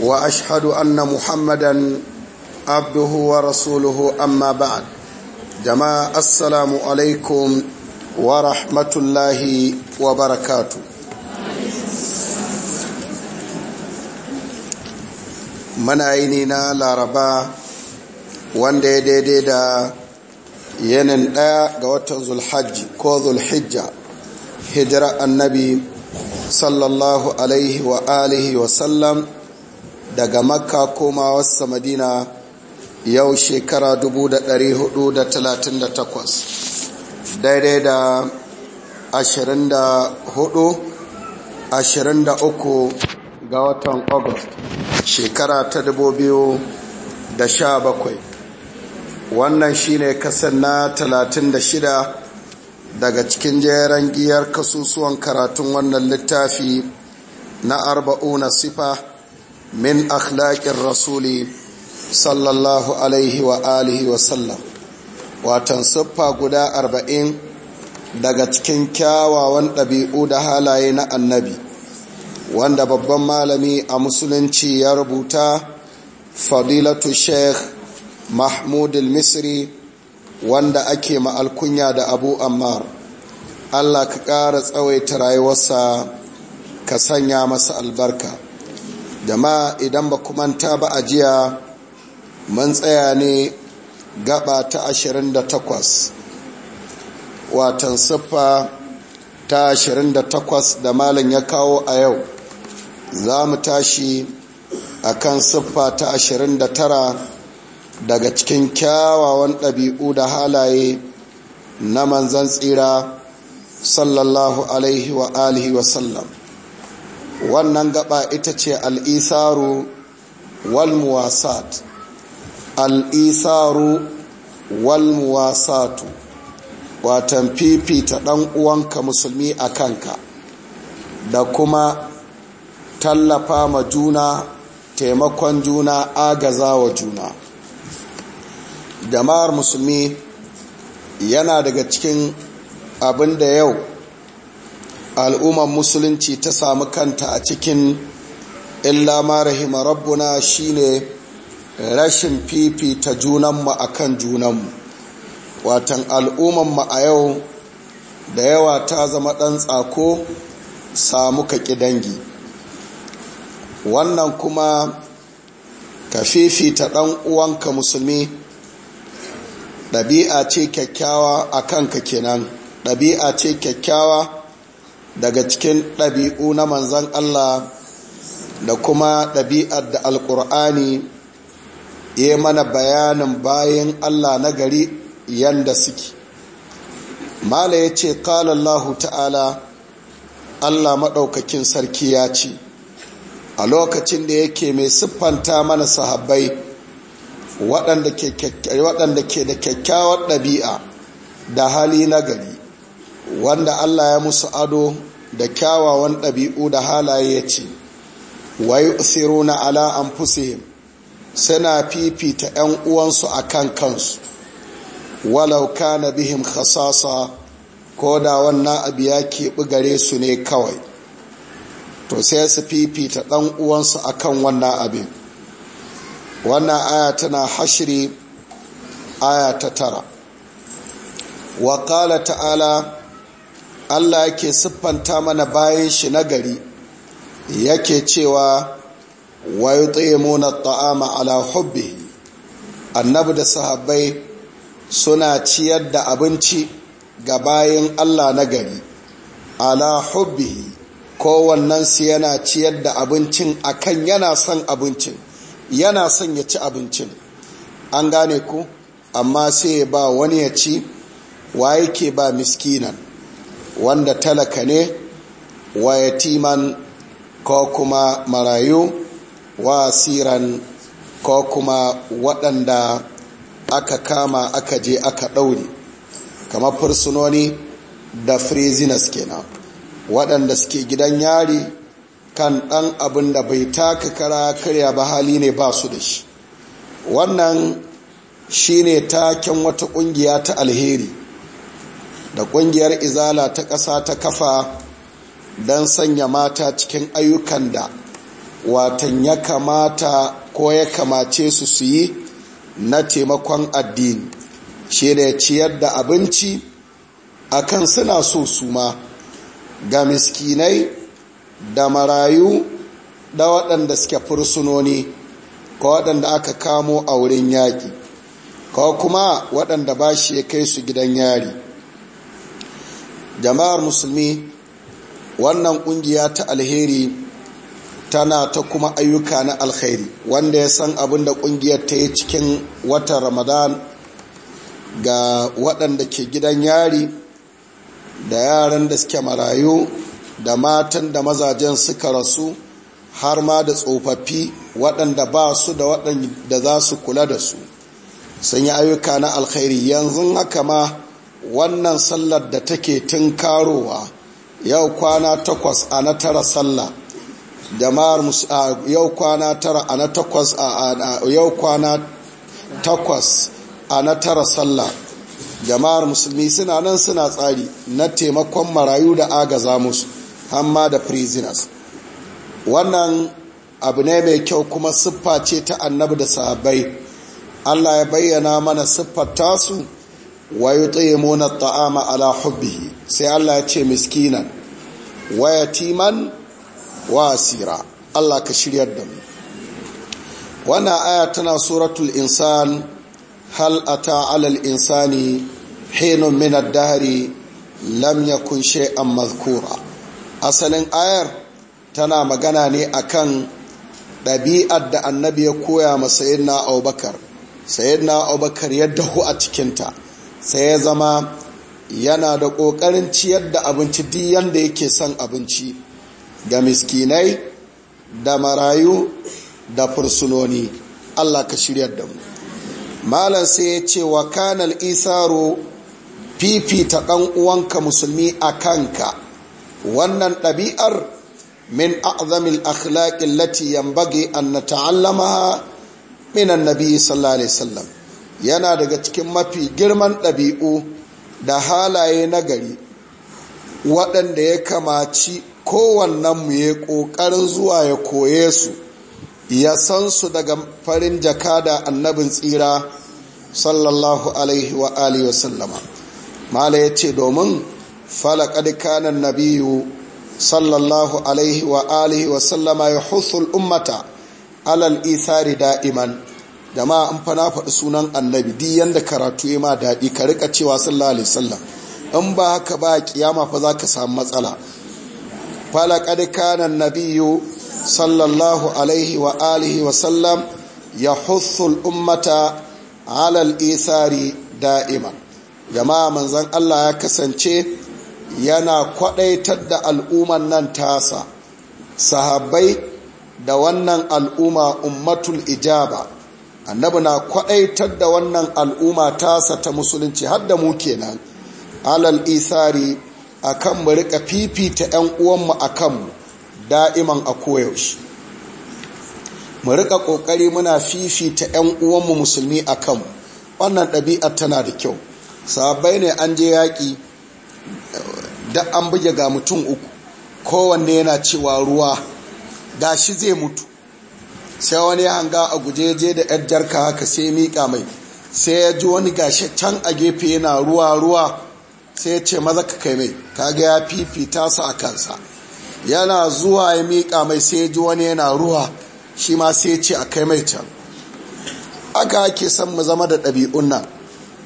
واشهد ان محمدا عبده ورسوله اما بعد جماعه السلام عليكم ورحمه الله وبركاته manayi na laraba wanda ya daidai da yanin ɗaya ga watan zulhajji ko zulhijja hijira annabi sallallahu alaihi wa alihi wa sallam daga makka koma wasu madina yau shekara 438 daidai da 24 23 ga watan august shekara ta 2017 wannan shine kasan na 36 daga cikin jeren giyar kasusuwan karatun wannan littafi na arba'una sifa من أخلاق الرسول صلى الله عليه وآله وسلم وتنصبها قداء أربعين daga cikin kyawawan ɗabi'u da halaye na annabi wanda babban malami a musulunci ya rubuta fadilatu sheikh mahmud misri wanda ake ma alkunya da abu ammar allah ka ƙara tsawaita rayuwarsa ka sanya masa albarka jama'a idan ba kumanta ba a jiya man tsaya ne gaba ta 28 watan siffa ta 28 da malin ya kawo a yau za mu tashi a kan siffa ta 29 daga cikin kyawawan ɗabi'u da halaye na manzan tsira sallallahu alaihi wa alihi sallam. wannan gaba ita ce al'isaru walmuwasat al'isaru walmuwasatu watan fifita ɗan uwanka musulmi a kanka da kuma tallafa ma juna taimakon juna agaza wa juna jama'ar musulmi yana daga cikin abin da yau al'ummar musulunci ta samu kanta a cikin illa ma rahima rabbuna shine rashin fifita junanmu akan junanmu watan al'ummanmu a yau da yawa ta zama ɗan tsako samu kaƙi dangi wannan kuma ka fifita ɗan uwanka musulmi ɗabi'a ce kyakkyawa a kanka kenan ɗabi'a ce kyakkyawa daga cikin ɗabi'u na manzan Allah da kuma ɗabi'ar da alƙur'ani ya mana bayanin bayan Allah na gari yanda suke mala ya ce ƙalallahu ta'ala Allah maɗaukakin sarki ya ce a lokacin da yake mai siffanta mana sahabbai waɗanda ke da kyakkyawar ɗabi'a da hali na gari wanda Allah ya musu ado da kyawawan ɗabi'u da halaye ya ce wa na ala anfusihim suna fifita 'yan uwansu a kan kansu Walauka kana bihim khasasa ko da wannan abu ya keɓi gare su ne kawai to sai su fifita ɗan uwansu a kan wannan abin wannan aya tana hashiri aya ta tara wa ta'ala Allah yake siffanta mana bayan shi nagari yake cewa wa yut'imuna at'ama ala hubbi annabi da sahabbai suna ciyar da abinci ga bayan Allah nagari ala hubbi kowannan su yana ciyar da abincin akan yana son abincin yana son ya ci abincin an gane ku amma sai ba wani ya ci wa yake ba miskinan wanda talaka ne wa yatiman ko kuma marayu wa siran ko kuma waɗanda aka kama aka je aka ɗauri kamar fursunoni da frizinas kenan waɗanda suke gidan yari kan ɗan abin da bai taka kara karya ba hali ne ba su da shi wannan shi ne taken wata ƙungiya ta alheri da kungiyar izala ta ƙasa ta kafa don sanya mata cikin ayyukan da watan ya kamata ko ya kamace su su yi na taimakon addini shi ne ciyar da abinci akan suna so su ma ga miskinai da marayu da waɗanda suke fursunoni ko waɗanda aka kamo a wurin yaƙi ko kuma waɗanda ba shi ya kai su gidan yari jama'ar musulmi wannan kungiya ta alheri tana ta kuma ayyuka na alheri wanda ya san abin da kungiyar ta yi cikin watan ramadan ga waɗanda ke gidan yari da yaran da suke marayu da matan da mazajen suka rasu har ma da tsofaffi waɗanda ba su da waɗanda za su kula da su sun yi ayyuka na alkhairi yanzu haka ma wannan sallar da take karowa, yau kwana takwas a na tara sallah jama'ar yau kwana tara a na takwas a yau kwana takwas a na tara sallah jama'ar musulmi suna nan suna tsari na taimakon marayu da agaza musu hamma da prisoners wannan abu ne mai kyau kuma siffa ce ta annabi da sahabbai Allah ya bayyana mana siffar tasu wa yut'imuna at-ta'ama ala hubbihi sai Allah ya ce miskinan wa yatiman wa asira Allah ka shirya da mu wannan aya tana suratul insan hal ata ala al insani hinun min ad-dahri lam yakun shay'an madhkura asalin ayar tana magana ne akan ɗabi'ar da annabi ya koya ma sayyidina Abubakar sayyidina Abubakar ya dahu a cikinta sai ya zama yana da ƙoƙarin ciyar da abinci duk yanda yake son abinci ga miskinai da marayu da fursunoni Allah ka shirya da mu malam sai ya ce wa kanal isaro fifita ɗan uwanka musulmi a kanka wannan ɗabi'ar min a'zamil akhlaqi lati yambage an ta'allama min annabi sallallahu alaihi wasallam yana daga cikin mafi girman ɗabi'u da halaye nagari waɗanda ya kamaci mu ya ƙoƙarin zuwa ya koye su ya san su daga farin jaka da annabin tsira sallallahu alaihi wa alihi sallama mala ya ce domin falakad kanan nabiyu sallallahu alaihi wa alihi sallama ya husul ummata alal isari da'iman jama'a an fana faɗi sunan annabi di yanda karatu ya ma daɗi ka rika cewa sallallahu alaihi wasallam in ba haka ba kiyama fa za ka samu matsala fala qad kana annabiyyu sallallahu alaihi wa alihi wa sallam yahuthu al-ummata ala al isari da'ima jama'a manzon Allah ya kasance yana kwadaitar da al'umman nan tasa sahabbai da wannan al'umma ummatul ijaba annabi na kwadaitar da wannan al'umma tasa ta musulunci har da mu kenan alal isari akan mu rika fifita ƴan uwanmu akan mu da'iman a koyaushe mu rika kokari muna fifita ƴan uwanmu musulmi akan mu wannan ɗabi'ar tana da kyau Sabai ne an je yaƙi da an buge ga mutum uku kowanne yana cewa ruwa shi zai mutu sai wani ya hanga a gujeje da yar jarka haka sai miƙa mai sai ya ji wani gashe can a gefe yana ruwa-ruwa sai ya ce maza ka kai mai kaga ya fifita su a kansa yana zuwa ya miƙa mai sai ya ji wani yana ruwa shi ma sai ya ce a kai mai can aka ake san mu zama da ɗabi'un nan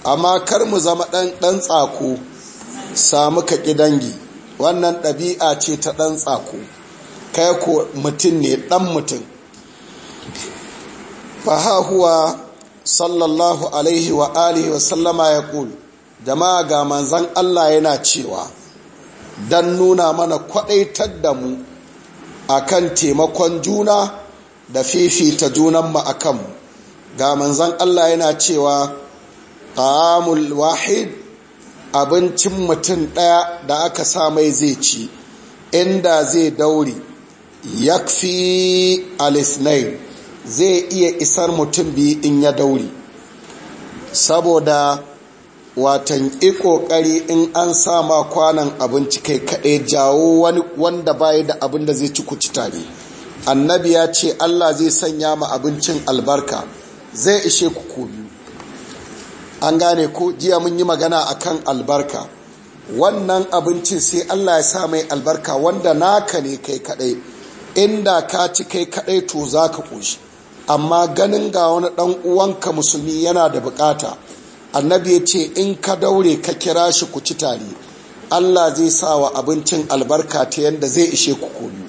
amma kar mu zama ɗan tsako samu ka ƙi dangi wannan ɗabi'a ce ta ɗan tsako kai ko mutum ne ɗan mutum faha huwa sallallahu alaihi wa alihi wa sallama ya ƙul jama'a ga manzan Allah yana cewa don nuna mana kwaɗaitar da mu a kan taimakon juna da fifita junanmu a kanmu ga manzan Allah yana cewa ta'amul wahid abincin mutum ɗaya da aka sa mai zai ci inda zai dauri yakfi alisnail zai iya isar mutum biyu in ya dauri saboda watan kokari in an sama kwanan abinci kai kaɗai jawo wanda baya da abin da zai ci kuci tare annabi ya ce allah zai sanya ma abincin albarka zai ishe ku ko biyu an gane ko jiya mun yi magana akan albarka wannan abincin sai allah ya sa mai albarka wanda naka ne kai kaɗai inda ka ci kai kaɗai to za ka ƙoshi amma ganin ga wani ɗan uwanka musulmi yana da bukata annabi ya ce in ka daure ka kira shi ku ci tare allah zai sa wa abincin albarka ta yadda zai ishe ku koyu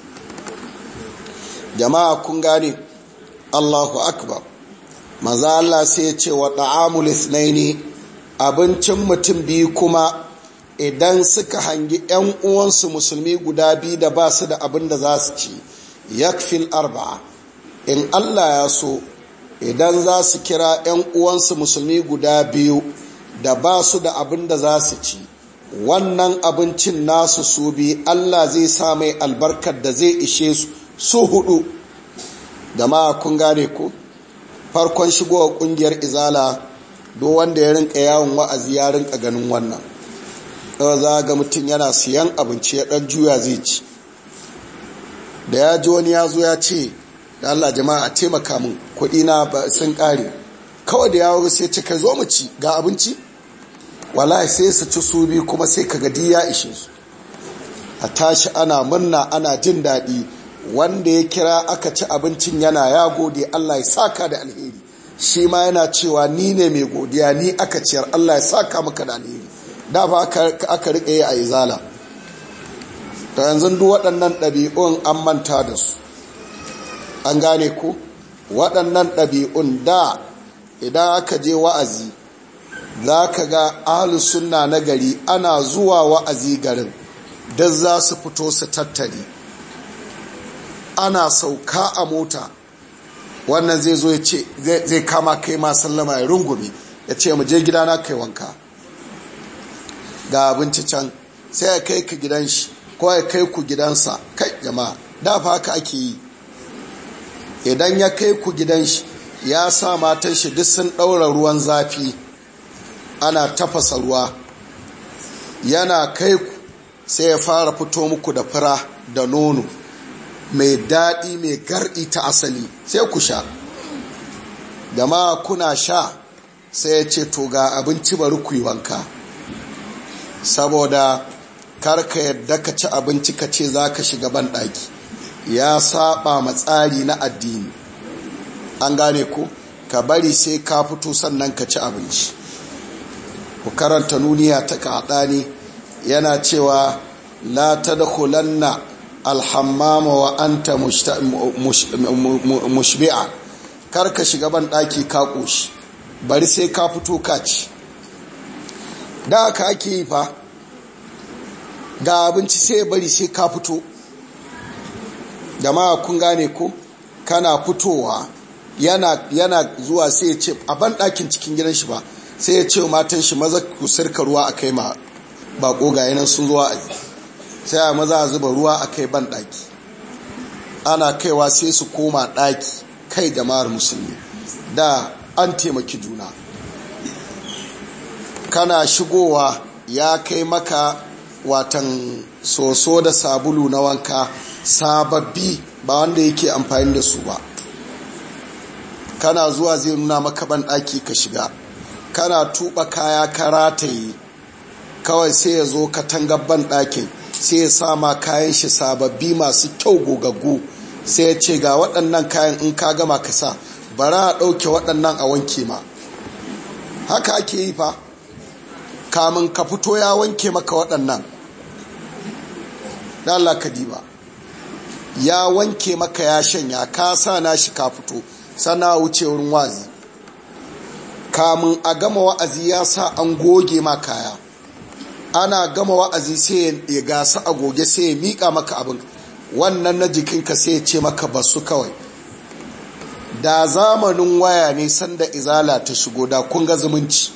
jama'a kun gane allahu akbar maza allah sai ya ce wa ɗa'amul ne abincin mutum biyu kuma idan suka hangi 'yan uwansu musulmi guda biyu da ba su da abin da za su ci yakfil arba'a in Allah ya so idan za su kira 'yan uwansu musulmi guda biyu da ba su da abin da za su ci wannan abincin nasu su bi Allah zai sa mai albarkar da zai ishe su su hudu da ma kun gane ku farkon shigowa kungiyar izala do wanda ya rinka yawon wa'azi ya rinka ganin wannan za ga mutum yana siyan abinci ya ɗan juya zai ci da ya ji wani ya zo ya ce da Allah jama'a a taimaka min kuɗi na sun kare kawai da yawo sai ce zo mu ci ga abinci wallahi sai su ci su bi kuma sai ka gadi ya ishe su a tashi ana murna ana jin daɗi wanda ya kira aka ci abincin yana ya gode Allah ya saka da alheri shi ma yana cewa ni ne mai godiya ni aka ciyar Allah ya saka maka da alheri da ba aka riƙe yi a izala ta yanzu duk waɗannan ɗabi'un an manta da su an gane ku? waɗannan ɗabi'un da idan aka je wa'azi za ka ga ahalussunna na gari ana zuwa wa'azi garin don za su fito su tattari ana sauka a mota wannan zai zo zai kama kai ma sallama ya rungumi, ya ce mu je gidana kai wanka ga abinci can sai ya kai ka gidan shi ko ya kai ku gidansa kai jama'a da fa haka ake yi idan ya kai ku gidan shi ya sa matan shi duk sun ɗaura ruwan zafi ana tafasa ruwa yana kai ku sai ya fara fito muku da fura da nono mai daɗi mai garɗi ta asali sai ku sha da ma kuna sha sai ya ce to ga abinci bari ku yi wanka saboda karka yadda ka ci abinci ka ce za ka shiga banɗaki ya saba matsari na addini an gane ku ka bari sai ka fito sannan ka ci abinci ku karanta nuniya ta kaɗa ne. yana cewa la ta tadkhulanna alhammama wa anta mushbi'a kar ka shiga ban ɗaki ka ƙoshi bari sai ka fito ka ci da aka ake yi fa ga abinci sai bari sai ka fito da kun gane ku kana fitowa yana yana zuwa sai ya ce a ban ɗakin cikin gidan shi ba sai ya ce matan shi maza ku sirka ruwa a kai ma bako ga yanan sun zuwa a sai a maza zuba ruwa a kai ban ɗaki ana kaiwa sai su koma ɗaki kai da mara musulmi da an taimaki juna kana shigowa ya kai maka watan soso da sabulu na wanka sababbi ba wanda yake amfani da su ba kana zuwa zai nuna maka ban ka shiga kana tuba kaya ka rataye kawai sai ya zo tangar ban ɗakin sai ya sa ma kayan shi sababbi masu kyau gogaggo. sai ya ce ga waɗannan kayan in ka gama ka sa bara a ɗauke waɗannan a wanke ma haka ake yi fa kamun ka fito ya wanke maka waɗannan da Allah ka diba ya wanke maka ya shanya ka sa na shi ka fito sana wuce wurin wazi kamun a gama wa'azi ya sa an goge ma kaya ana gama wa'azi sai ya gasa a goge sai ya miƙa maka abin wannan na jikinka sai ya ce maka basu kawai da zamanin waya ne sanda izala ta shigo da kun ga zumunci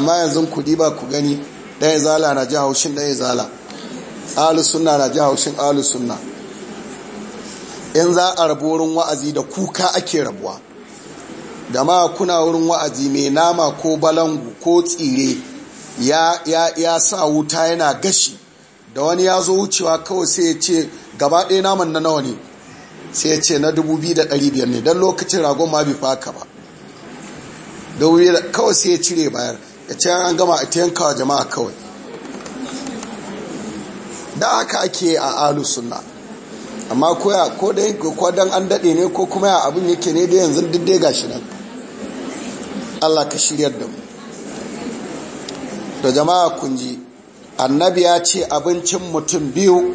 ma yanzu ku ba ku gani ɗaya zala na ji haushin ɗaya zala ahlus suna na ji haushin ahlus suna in za a rabu wurin wa'azi da kuka ake rabuwa da ma kuna wurin wa'azi mai nama ko balangu ko tsire ya, sa wuta yana gashi da wani ya zo wucewa kawai sai ya ce gaba ɗaya naman na nawa ne sai ya ce na 2,500 ne don lokacin ragon ma bai faka ba kawai sai ya cire bayar ya ce an gama a tayankawa jama'a kawai da haka ake a alu sunna amma koya ko da kwadon an daɗe ne ko kuma ya abin yake ne da yanzu duk ga shi nan allah ka shiryar da mu da jama'a kunji annabi ya ce abincin mutum biyu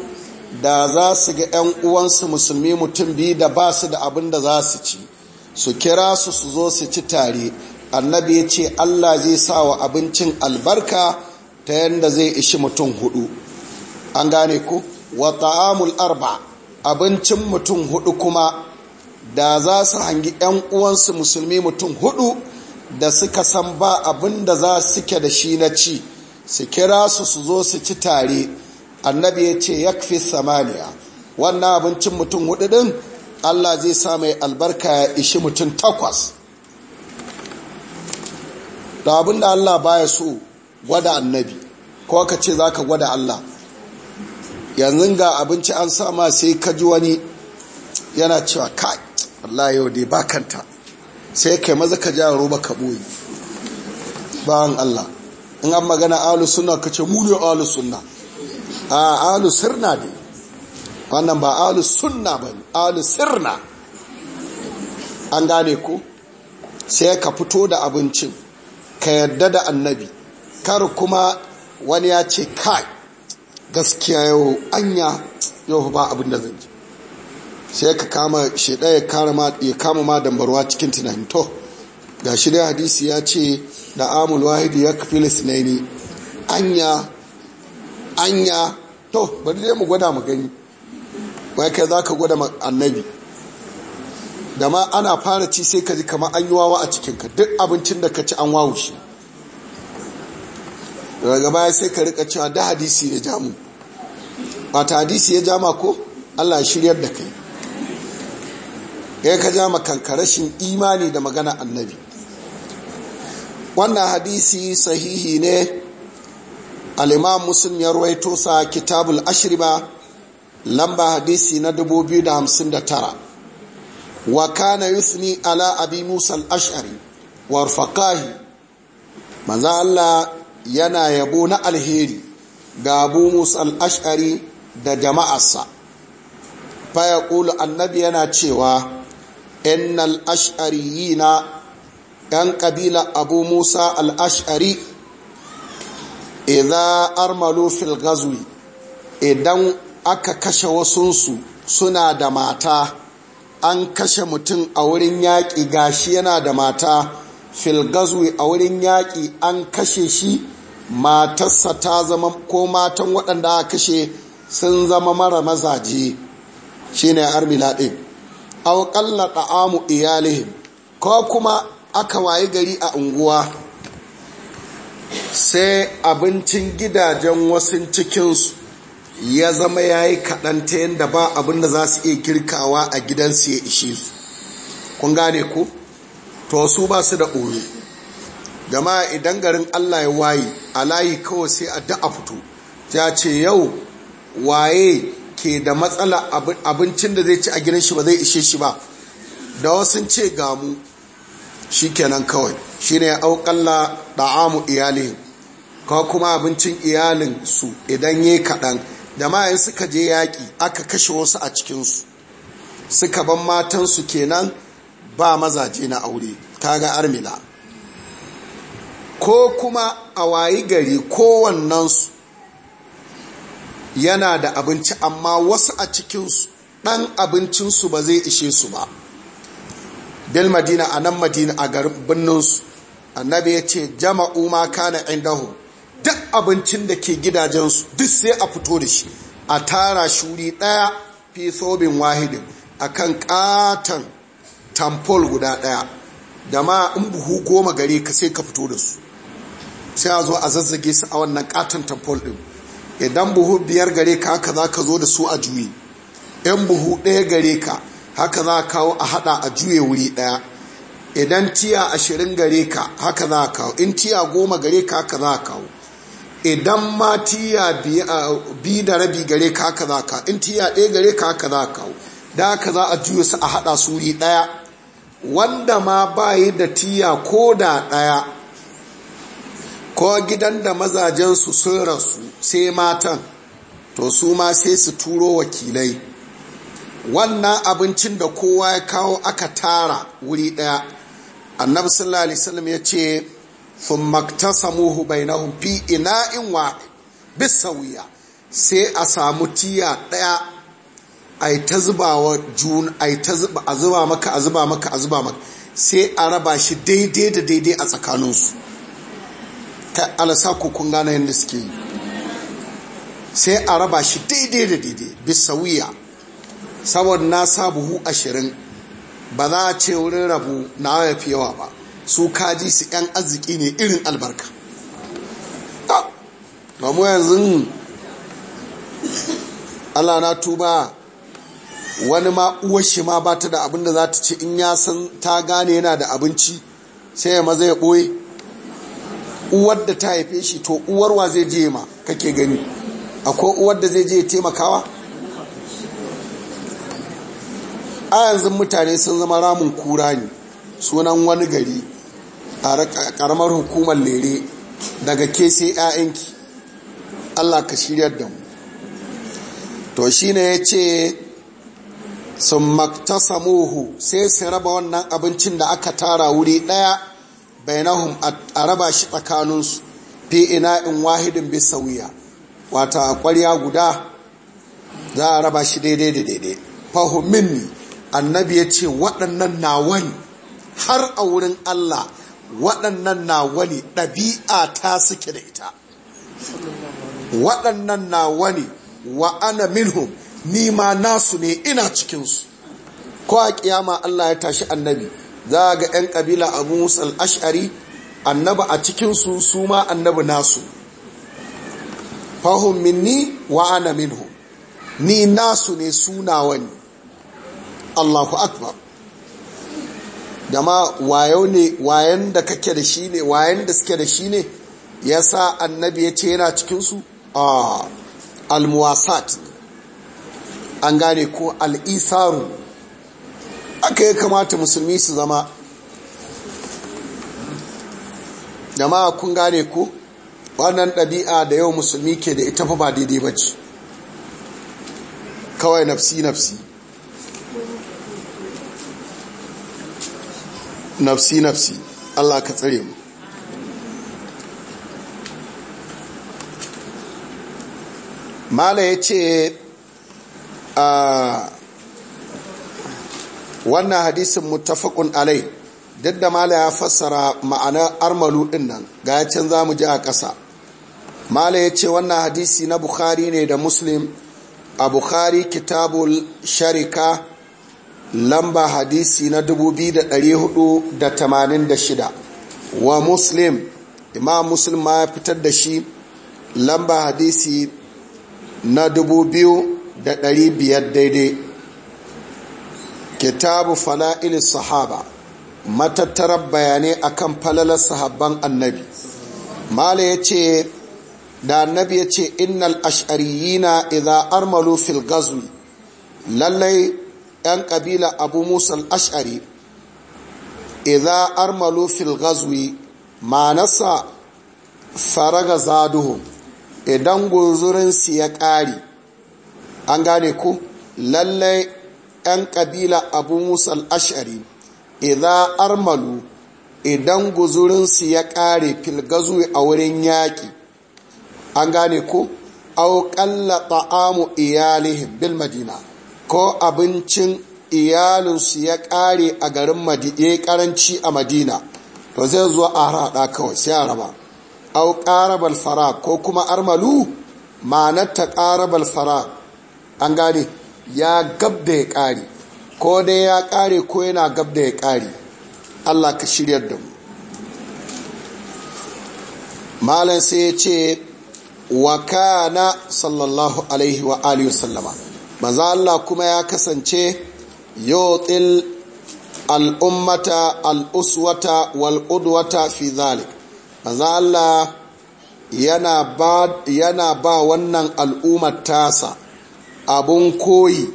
da za su ga 'yan uwansu musulmi mutum biyu da ba su da abin da za su ci su kira su su zo su ci tare annabi ya ce Allah zai sa wa abincin albarka ta yadda zai ishi mutum hudu an gane ku wa ta'amul arba abincin mutum hudu kuma da za su hangi 'yan uwansu musulmi mutum hudu da suka san ba abin da za su ke da shi na ci su kira su su zo su ci tare annabi ya ce ya fi samaniya wannan abincin mutum hudu din Allah zai sa mai albarka ya ishi mutum takwas da abin da Allah baya so gwada annabi ko ka ce za ka gwada Allah yanzu ga abinci an sama sai ka ji wani yana cewa kai Allah yau dai bakanta sai kai maza ka ja roba ka boye bayan Allah in an magana alu sunna ka ce mu ne alu sunna a alu sirna ne wannan ba alu sunna ba alu sirna an gane ko sai ka fito da abincin ka yarda da annabi kar kuma wani ya ce kai gaskiya yau anya yau ba abin da zan ji sai ka kama shi ɗaya ya kama ma dambarwa cikin tunanin to ga shi dai hadisi ya ce da amul wahidi ya kafi lisnaini anya anya to bari dai mu gwada mu gani wai kai za ka gwada annabi da ma ana fara ci sai ka ji kamar an yi wawa a cikinka duk abincin da ka ci an wawu shi daga baya sai ka rika cewa da hadisi ya jamu ba hadisi ya jama ko allah shiryar da kai ya ka jama kanka rashin imani da magana annabi wannan hadisi sahihi ne al'imam muslim ya ruwaito sa kitabul ashriba lamba hadisi na 2059 wa yusni ala abi musa al-ash'ari wa faqahi Allah yana yabo na alheri ga abu musa al-ash'ari da jama'arsa fa yaqulu annabi yana cewa innal ash'ariyina yan ƙabila abu musa al-ash'ari idza armalu fil ghazwi idan aka kashe wasunsu suna da mata an kashe mutum a wurin yaƙi gashi yana da mata filgazwe a wurin yaƙi an kashe shi matarsa ta zama ko matan waɗanda aka kashe sun zama mara mazaje shi ne armila ɗin auƙalla ɗa'amu iyalihim ko kuma aka wayi gari a unguwa sai abincin gidajen wasu cikinsu ya zama ya yi kaɗan ta yadda ba abin da za su iya girkawa a gidansu ya ishe su kun gane ku to su ba su da ɓoye jama'a idan garin allah ya waye a layi kawai sai a da a fito ya ce yau waye ke da matsala abincin da zai ci a gidan shi ba zai ishe shi ba da wasu ce gamu shi kenan kawai shi ne auƙalla da'amu iyalin ko kuma abincin iyalinsu idan ya kaɗan da mayan suka je yaƙi aka kashe wasu a cikinsu suka ban matansu kenan ba mazaje na aure kaga armila ko kuma a wayi gari kowannensu yana da abinci amma wasu a cikinsu ɗan abincinsu ba zai ishe su ba bil madina a nan madina a garin birninsu annabi ya ce jama'u ma kana indahu duk abincin da ke gidajensu duk sai a fito da shi a tara shuri ɗaya fi sobin wahidin a kan ƙatan tamfol guda ɗaya da ma in buhu goma gare ka sai ka fito da su sai a zo a zazzage su a wannan ƙatan tamfol ɗin idan buhu biyar gare ka haka za ka zo da su a juye yan buhu ɗaya gare ka haka za kawo a haɗa a juye wuri ɗaya idan tiya ashirin gare ka haka za kawo in tiya goma gare ka haka za kawo idan ma tiya bi da rabi gare ka ka za ka in tiya ɗaya gare ka ka za ka da ka za a juya su a haɗa su wuri ɗaya wanda ma bayi da tiya ko da ɗaya ko gidan da mazajen su sun rasu sai matan to su ma sai su turo wakilai wannan abincin da kowa ya kawo aka tara wuri ɗaya annabi sallallahu alaihi wasallam ya ce thumma iktasamuhu bainahum fi ina'in wahid bisawiya sai a samu tiya daya ai ta zubawa jun ai ta zuba a zuba maka a zuba maka a zuba maka sai a raba shi daidai da daidai a tsakaninsu ta alasa ku kun gane yadda suke yi sai a raba shi daidai da daidai bisawiya saboda na sa buhu ashirin ba za a ce wurin rabu na yafi yawa ba su kaji su 'yan arziki ne irin albarka ba mu yanzu allah na tuba wani ma shi ma ba ta da abin da za ta ce in ya san ta gane yana da abinci sai ya maza ya ɓoye uwar da ta haife shi to uwarwa zai je ma kake gani akwai uwar da zai je ya taimakawa a yanzu mutane sun zama ramin kura ne sunan wani gari karamar hukumar lere daga kese 'ya'yanki allah ka shirya da mu to shi ne ya ce sun maktasamuhu sai su raba wannan abincin da aka tara wuri ɗaya bainahum a raba shi tsakaninsu fi ina in wahidin bi sauya. wata kwarya guda za a raba shi daidai da daidai fahimmin annabi ya ce waɗannan nawan har a wurin allah waɗannan na wani ɗabi'a ta suke da ita waɗannan na wani wa ana minhum nima nasu ne ina cikinsu ko a kiyama Allah ya tashi annabi za ga 'yan ƙabila abu musul ash'ari annaba a cikinsu su ma annabi nasu fahun minni wa ana minhu ni nasu ne suna wani Allahu akbar gama wayo ne wayan da kake da shi ne wayan da suke da shi ne ya sa annabi ya ce yana cikinsu a almuwasat an gane ko al'isaru aka yi kamata musulmi su zama jama'a kun gane ko wannan ɗabi'a da yau musulmi ke da ita fa ba daidai ba ce kawai nafsi nafsi nafsi nafsi Allah ka tsare mu mala ya ce a ah, wannan hadisin mutafakun alai duk da mala ya fassara ma'anar armalu din nan ga ya canza za mu ji a ƙasa mala ya ce wannan hadisi na bukhari ne da muslim a bukhari kitabul sharika lamba hadisi na 2486 wa muslim imam muslim ma ya fitar da shi lamba hadisi na 2500 daidai kitabu fala'il sahaba matattarar bayanai akan falalar sahabban annabi mala ya ce da annabi ya ce innal ash'ariyina iza armalu fil lallai 'yan ƙabila abu musul ashari idan armalu fil gazwi fara faraga zaduhu idan gunzurinsu ya ƙari an gane ku lallai 'yan ƙabila abu musul ashari idan armalu idan guzurinsu ya fil gazwi a wurin yaƙi an gane ku au ta'amu iyalihim bil madina ko abincin iyalinsu ya ƙare a garin madiɗe ƙaranci a madina to zai zuwa a haɗa kawai sai a raba au ƙara fara ko kuma armalu ma'anar ta ƙarabar fara an gane ya gab da ya ƙare ko dai ya ƙare ko yana gab da ya ƙare allah ka shiryar da mu malam sai ya ce wa kana sallallahu alaihi wa alihi wasallama Maza Allah kuma ya kasance yutil al'ummata al'uswata wal'udwata fi zalik Allah yana ba wannan al'ummar tasa abun koyi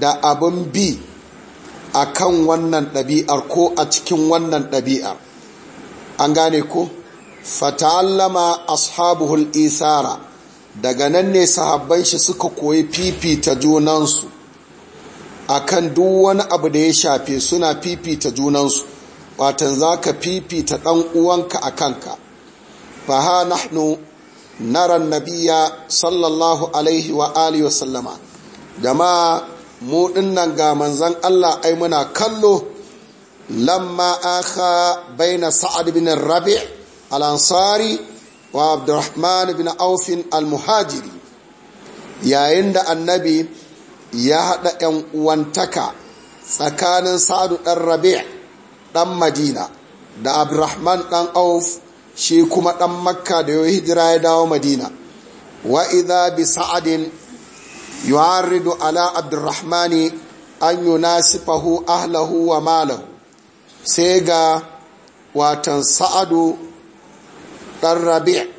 da abun bi kan wannan ɗabi'ar ko a cikin wannan ɗabi'ar an gane ko fata'allama ashabuhul isara daga nan ne sahabban shi suka koyi fifita junansu akan duk wani abu da ya shafe suna fifita junansu watan zaka ka fifita ɗan uwanka a kanka fa ha nahnu nara nabiya sallallahu alaihi wa alihi sallama jama'a mu nan ga manzan Allah ai muna kallo lamma akha baina sa'ad bin rabi' al-ansari wa abdurrahman bin aufin al-muhajiri yayin da annabi ya haɗa 'yan uwantaka tsakanin sa'adu ɗan rabi' ɗan madina da abdurrahman ɗan auf shi kuma ɗan makka da yau hijira ya dawo madina wa idha bi sa'adin yu'arridu ala abdurrahmani an yunasifahu ahlahu wa malahu sai ga watan sa'adu ɗan rabi'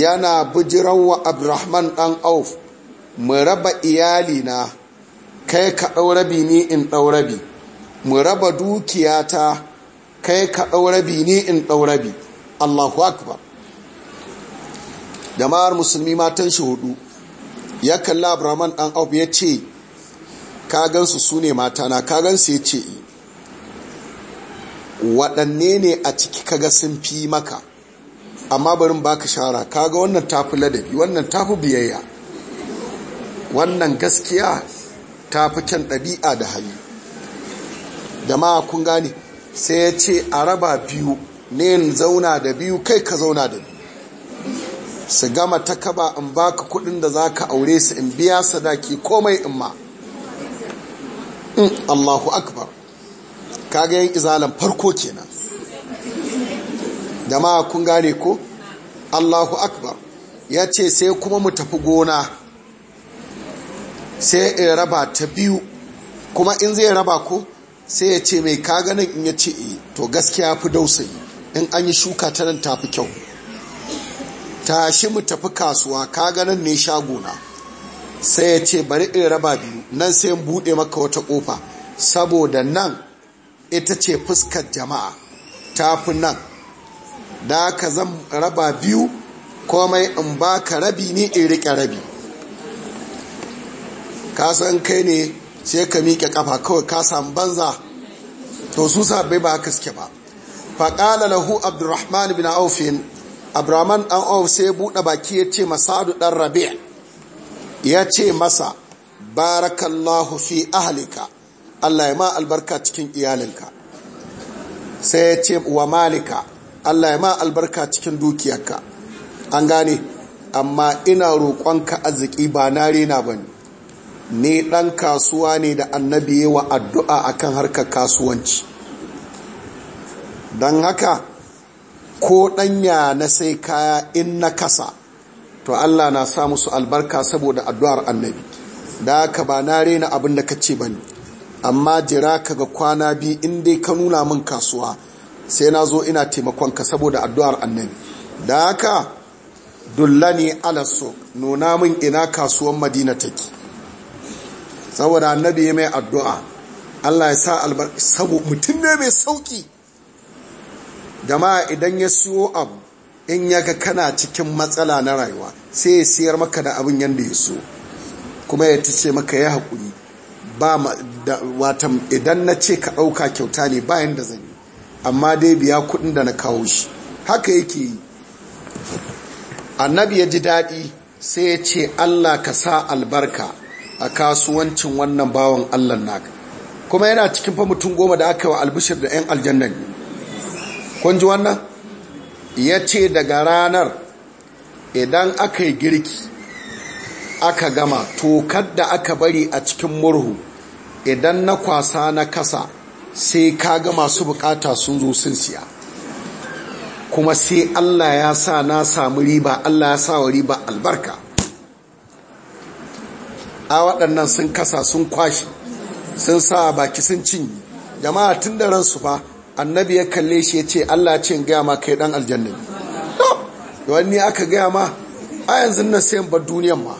yana bujiran wa abrahman ɗan auf mu raba iyali na kai ka daurabi ni in daurabi mu raba dukiyata kai ka daurabi ni in daurabi allahu akbar jama'ar musulmi matan shi hudu ya kalla abrahman ɗan auf ya ce ka gansu su ne na ka gansu ya ce waɗanne ne a ciki kaga sun fi maka amma barin baka shara kaga wannan tafi ladabi wannan tafi biyayya wannan gaskiya tafi kyan ɗabi'a da hali jama'a kun gane sai ya ce a raba biyu ne zauna da biyu kai ka zauna da biyu su gama ta kaba in baka kudin da za ka aure su in biya sadaki komai in ma in mm, allahu akbar kaga yin izalan farko kenan jama'a kun gane ko Allahu akbar ya ce sai kuma mu tafi gona sai in raba ta biyu kuma in zai raba ko sai ya ce mai kaganin in ya ce eh. to gaskiya fi dausayi in an yi shuka ta nan tafi kyau tashi mu tafi kasuwa kaganin ne shagona sai ya ce bari in raba biyu nan sai buɗe maka wata ƙofa saboda nan ita ce fuskar jama'a tafi nan da ka zan raba biyu komai in ba ka rabi ne in rike rabi ka san kai ne sai ka miƙe ƙafa kawai ka samu banza to su sabai ba ka suke ba faƙala lahu abdurrahman bin aufin abraman ɗan auf sai buɗe baki ya ce masadu ɗan rabi ya ce masa barakallahu fi ahalika Allah ya ma albarka cikin iyalinka sai ya ce wa malika Allah ya ma albarka cikin dukiyarka an gane amma ina roƙonka arziki ba na rena ba ne ɗan kasuwa ne da annabi wa addu'a akan harkar kasuwanci don haka ko ɗanya na sai kaya in na kasa to Allah na sa musu albarka saboda addu'ar annabi da ka ba na rena abin da ka ce ba ne amma jira ka ga kwana biyu in dai ka nuna min kasuwa sai na zo ina taimakon ka saboda addu'ar annabi da haka dullani alasso nuna min ina kasuwan madina take saboda annabi mai addu'a allah ya sa albarki mutum ne mai sauki jama'a idan ya siyo abu in ya kana cikin matsala na rayuwa sai ya siyar maka da abin yadda ya so kuma ya ce maka ya haƙuri ba watan idan na ce ka ɗauka kyauta ne bayan da zan yi amma dai biya kudin da na kawo shi haka yake yi annabi ya ji daɗi sai ya ce allah ka sa albarka a kasuwancin wannan bawan allah naka kuma yana cikin fa mutum goma da aka wa albishir da 'yan aljanna kun ji wannan ya ce daga ranar idan aka yi girki aka gama tokar da aka bari a cikin murhu idan na kwasa na kasa sai kaga masu bukata sun zo sun siya kuma sai Allah ya sa na samu riba Allah ya sa wa riba albarka a waɗannan sun kasa sun kwashi sun sa baki sun cinye jama'a tun da ransu fa annabi ya kalle shi ya ce Allah ce gaya ma kai dan Da wani aka gaya ma a yanzu na sayan bar duniyan ma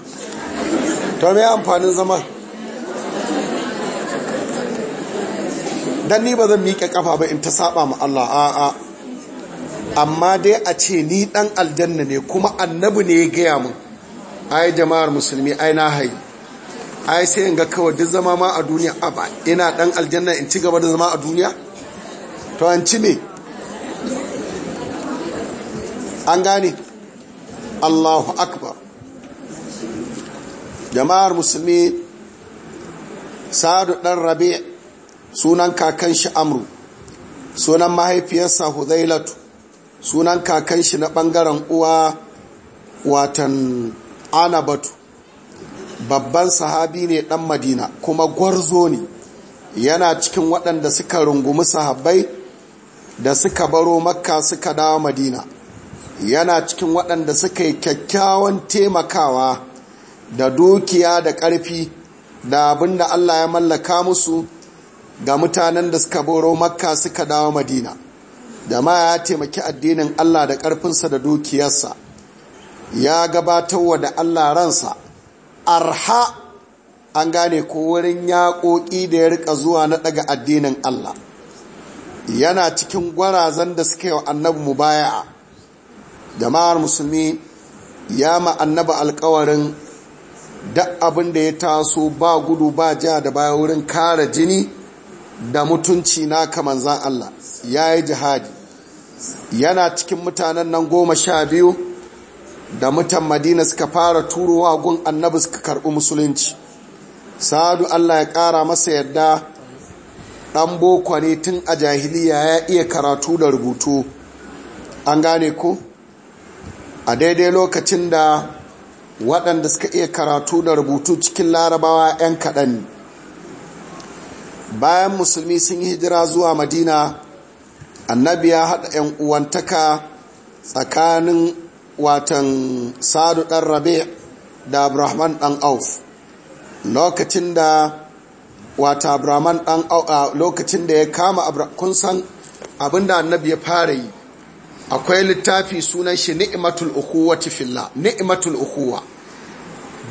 ta mai amfanin zama dan ni ba zan miƙe kafa ba in ta saba ma Allah a'a amma dai a ce ni dan aljanna ne kuma annabi ne ya gaya mun. ai jama'ar musulmi ai na hayi ai sai in ga kawai duk zama ma a duniya a ba ina dan aljanna in ci gaba da zama a duniya to an ci ne an gane Allahu akbar jama'ar musulmi sa'adu dan rabi' sunan kakan shi amru sunan mahaifiyarsa huzailatu sunan kakan shi na ɓangaren uwa watan anabatu babban sahabi ne ɗan madina kuma gwarzo ne yana cikin waɗanda suka rungumi sahabbai da suka baro makka suka dawo madina yana cikin waɗanda suka yi kyakkyawan taimakawa da dukiya da ƙarfi da abinda allah ya mallaka musu ga mutanen da suka boro makka suka dawo madina da ma ya taimaki addinin allah da ƙarfinsa da dukiyarsa ya gabatar wa da allah ransa arha an gane ko wurin yaƙoƙi da ya rika zuwa na daga addinin allah yana cikin gwarazan da suka yi wa annabi mubaya'a jama'ar musulmi ya ma'annaba alkawarin duk abin da ya taso ba gudu ba ja da baya wurin kara jini da mutunci na kaman zan Allah ya yi jihadi yana cikin mutanen nan goma sha biyu da mutan madina suka fara turowa gun annabi suka karɓi musulunci Sadu Allah ya ƙara masa yadda ɗan boko ne tun a jahiliya ya iya karatu da rubutu an gane ku? a daidai lokacin da waɗanda suka iya karatu da rubutu cikin larabawa 'yan kaɗan bayan musulmi sun yi hijira zuwa madina annabi ya haɗa 'yan uwantaka tsakanin watan sadu ɗan rabe da abrahman ɗan auf lokacin da wata abrahman ɗan auf lokacin da ya kama kun san abinda annabi ya fara yi akwai littafi sunan shi ni'matul ukhuwati ni'matul ukhuwa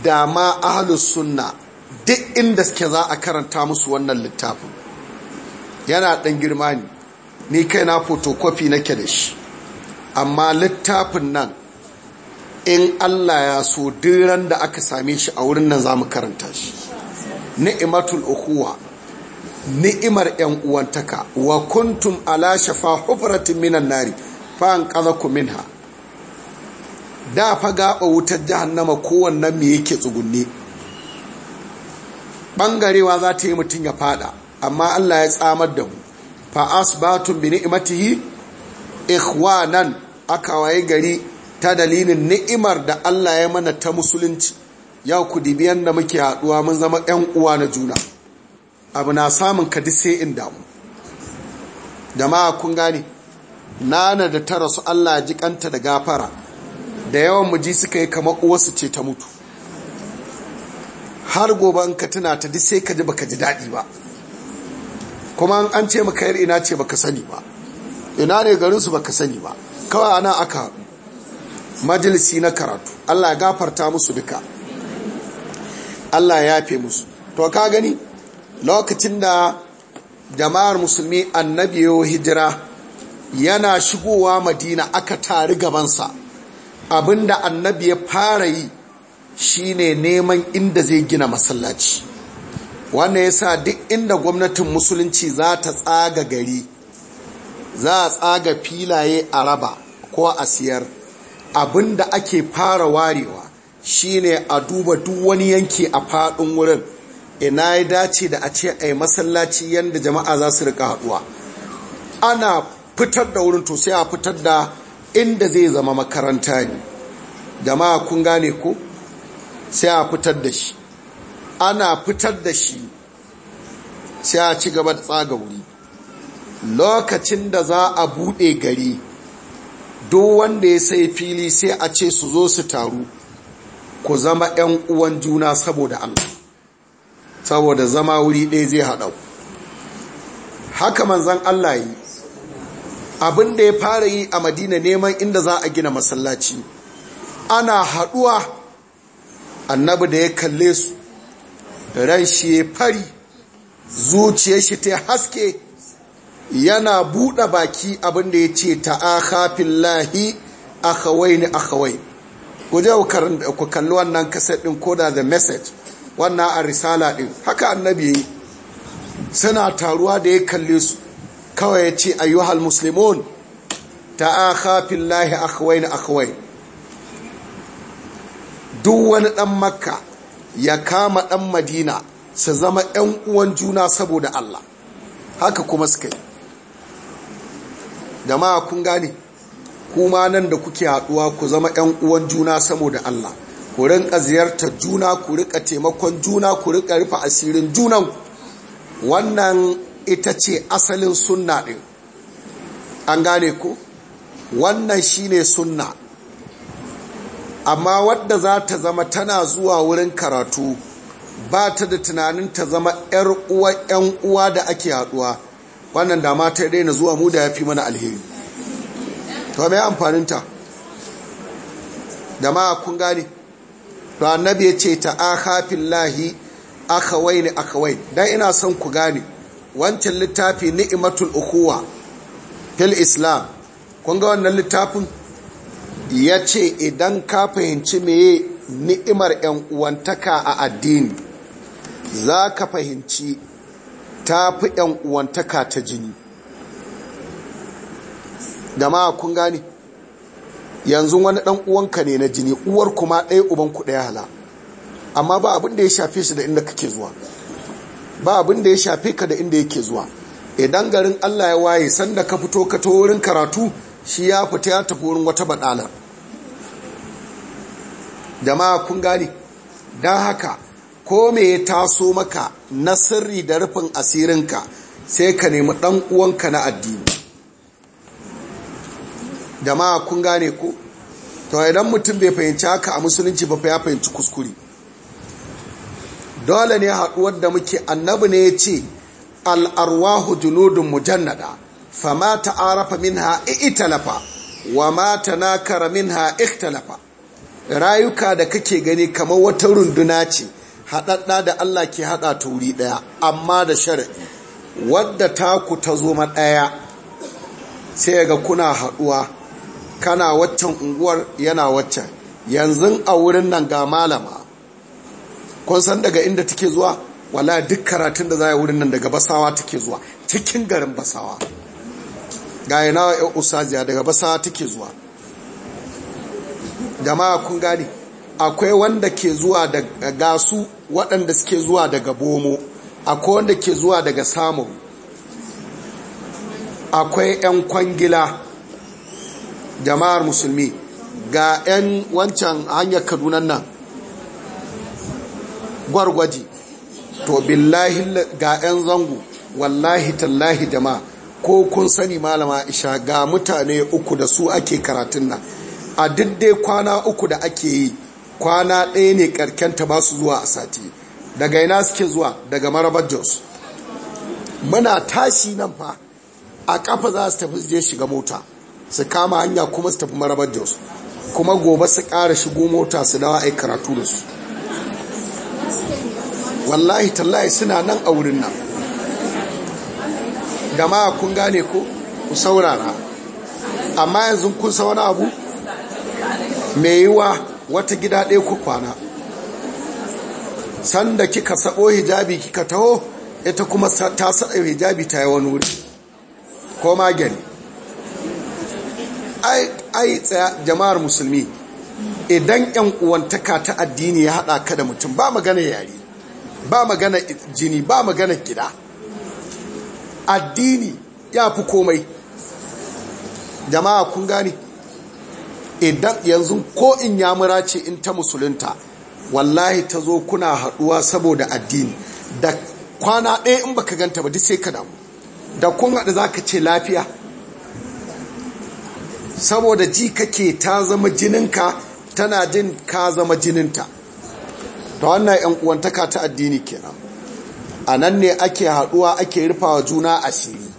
dama ma sunna duk inda suke za a karanta musu wannan littafin yana ɗan girma ne ni kai na fotokofi nake da shi amma littafin nan in Allah ya so diran da aka same shi a wurin nan za mu karanta shi ni'imatul ukuwa ni'imar yan uwantaka wa kuntum ala shafa hufratin minan nari fa an ku minha da fa gaba wutar jahannama kowanne me yake tsugunni? bangarewa za ta yi mutum ya fada amma Allah ya tsamar da mu ba tun bi ni'matihi nan aka waye gari ta dalilin ni'imar da Allah ya mana ta musulunci yau ku dibiyan da muke haɗuwa mun zama ƴan uwa na juna abu na samun ka sai in damu da ma kun gane nana da ta rasu Allah ji kanta da gafara da yawan muji suka yi kamar uwarsu ce ta mutu har gobe ka tuna ta duk sai ka ji baka ji daɗi ba kuma an ce maka yar ina ce baka sani ba ina ne garinsu baka sani ba kawai ana aka majalisi na karatu Allah ya gafarta musu duka Allah ya yafe musu to ka gani lokacin da jama'ar musulmi annabi ya hijira yana shigowa madina aka tari gabansa abinda annabi ya fara yi shine neman inda zai gina masallaci wannan yasa duk inda gwamnatin musulunci za ta tsaga gari za a tsaga filaye a raba ko a siyar da ake fara warewa shine a duba duk wani yanki a fadin wurin ina ya dace da a ce a yi masallaci yadda jama'a za su rika haduwa ana fitar da wurin to sai a fitar da inda zai zama makaranta ne jama'a kun gane ko sai a fitar da shi ana fitar da shi sai a ci gaba da tsaga wuri lokacin da za a buɗe gari duk wanda ya sai fili sai a ce su zo su taru ku zama 'yan uwan juna saboda Allah saboda zama wuri ɗaya zai haɗau haka manzan Allah yi abin da ya fara yi a madina neman inda za a gina masallaci ana haɗuwa annabi da ya kalle su ran shi ya fari zuciyar shi ta haske yana buɗe baki abinda ya ce lahi a akawai ne a ku je ku kalli wannan kasar ɗin koda the message wannan a risala ɗin haka annabi ya yi suna taruwa da ya kalle su kawai ya ce ayyuhal muslimun ta'aka fillahi akawai ne akawai duk wani ɗan makka ya kama ɗan madina su zama 'yan uwan juna saboda Allah haka kuma suka yi ma kun gane kuma nan da kuke haɗuwa ku zama 'yan uwan juna saboda Allah ku rinka ziyartar juna ku rika taimakon juna ku rika rufe asirin junan wannan ita ce asalin sunna ɗin an gane ku wannan shine sunna amma wadda za ta zama tana zuwa wurin karatu ba ta da tunanin ta zama 'yar uwa 'yan uwa da ake haduwa wannan da ma ta daina zuwa mu da ya fi mana alheri to mai amfaninta da ma kun gane to annabi ya ce ta akhafin lahi akawai ne dan ina son ku gane wancan littafi ni'imatul ukuwa fil islam kun ga wannan littafin ya ce idan ka fahimci meye ni'imar 'yan uwantaka a addini za ka fahimci ta fi 'yan uwantaka ta jini da ma kun gani yanzu wani uwanka ne na jini uwar kuma ɗaya uban ku ɗaya hala amma ba abin da ya shafe shi da inda kake zuwa ba abin da ya shafe ka da inda yake zuwa idan garin Allah ya waye sanda ka fito ka to wurin karatu shi ya fita ya tafi wurin wata badala jama'a kun gane don haka ko me ya taso maka na sirri da rufin asirinka sai ka nemi ɗan uwanka na addini jama'a kun gane ko to idan mutum bai fahimci haka a musulunci ba ya fahimci kuskure dole ne haɗuwar da muke annabi ne ya ce al'arwahu junudun mujannada fama ta'arafa minha i'talafa wa ma ta min ha’i talafa rayuka da kake gani kamar wata runduna ce haɗaɗɗa da Allah ke haɗa ta wuri ɗaya amma da shari'i wadda taku ta zo ɗaya sai ga kuna haɗuwa kana waccan unguwar yana waccan yanzu a wurin nan ga malama kun san daga inda take zuwa wala duk karatun da za a wurin nan daga basawa take zuwa cikin garin basawa ga yana usajiya daga basawa take zuwa jama'a kun gane akwai wanda ke zuwa daga gasu waɗanda suke zuwa daga bomo akwai wanda ke zuwa daga samun akwai 'yan kwangila jama'ar musulmi ga 'yan wancan hanyar kadunan nan gwargwaji to billahi ga 'yan zango wallahi tallahi jama'a ko kun sani malama isha ga mutane uku da su ake karatun nan a duk dai kwana uku da ake yi kwana ɗaya ne karkenta ba su zuwa a sati daga ina suke zuwa daga marabar jos muna tashi nan fa a kafa za su tafi je shiga mota su kama hanya kuma su tafi marabar jos kuma gobe su ƙara shigo mota su dawa a yi karatu da su wallahi tallahi suna nan a wurin nan da ma kun gane ko ku saurara amma yanzu kun sa wani abu mai wa wata gida ɗaya ku kwana sanda kika sabo hijabi kika taho ita kuma ta sabo hijabi ta yi wani wuri ko magani ai ai tsaya jama'ar musulmi idan yan uwantaka ta addini ya haɗa ka da mutum ba magana yari ba magana jini ba magana gida addini ya fi komai jama'a kun gani idan yanzu ko in mura ce in ta musulunta wallahi ta zo kuna haɗuwa saboda addini da kwana ɗaya in baka ganta ba duk sai ka damu da kun haɗu za ka ce lafiya saboda ji kake ta zama jininka tana jin ka zama jininta da wannan yan uwantaka ta addini kenan a nan ne ake haɗuwa ake rufawa juna asiri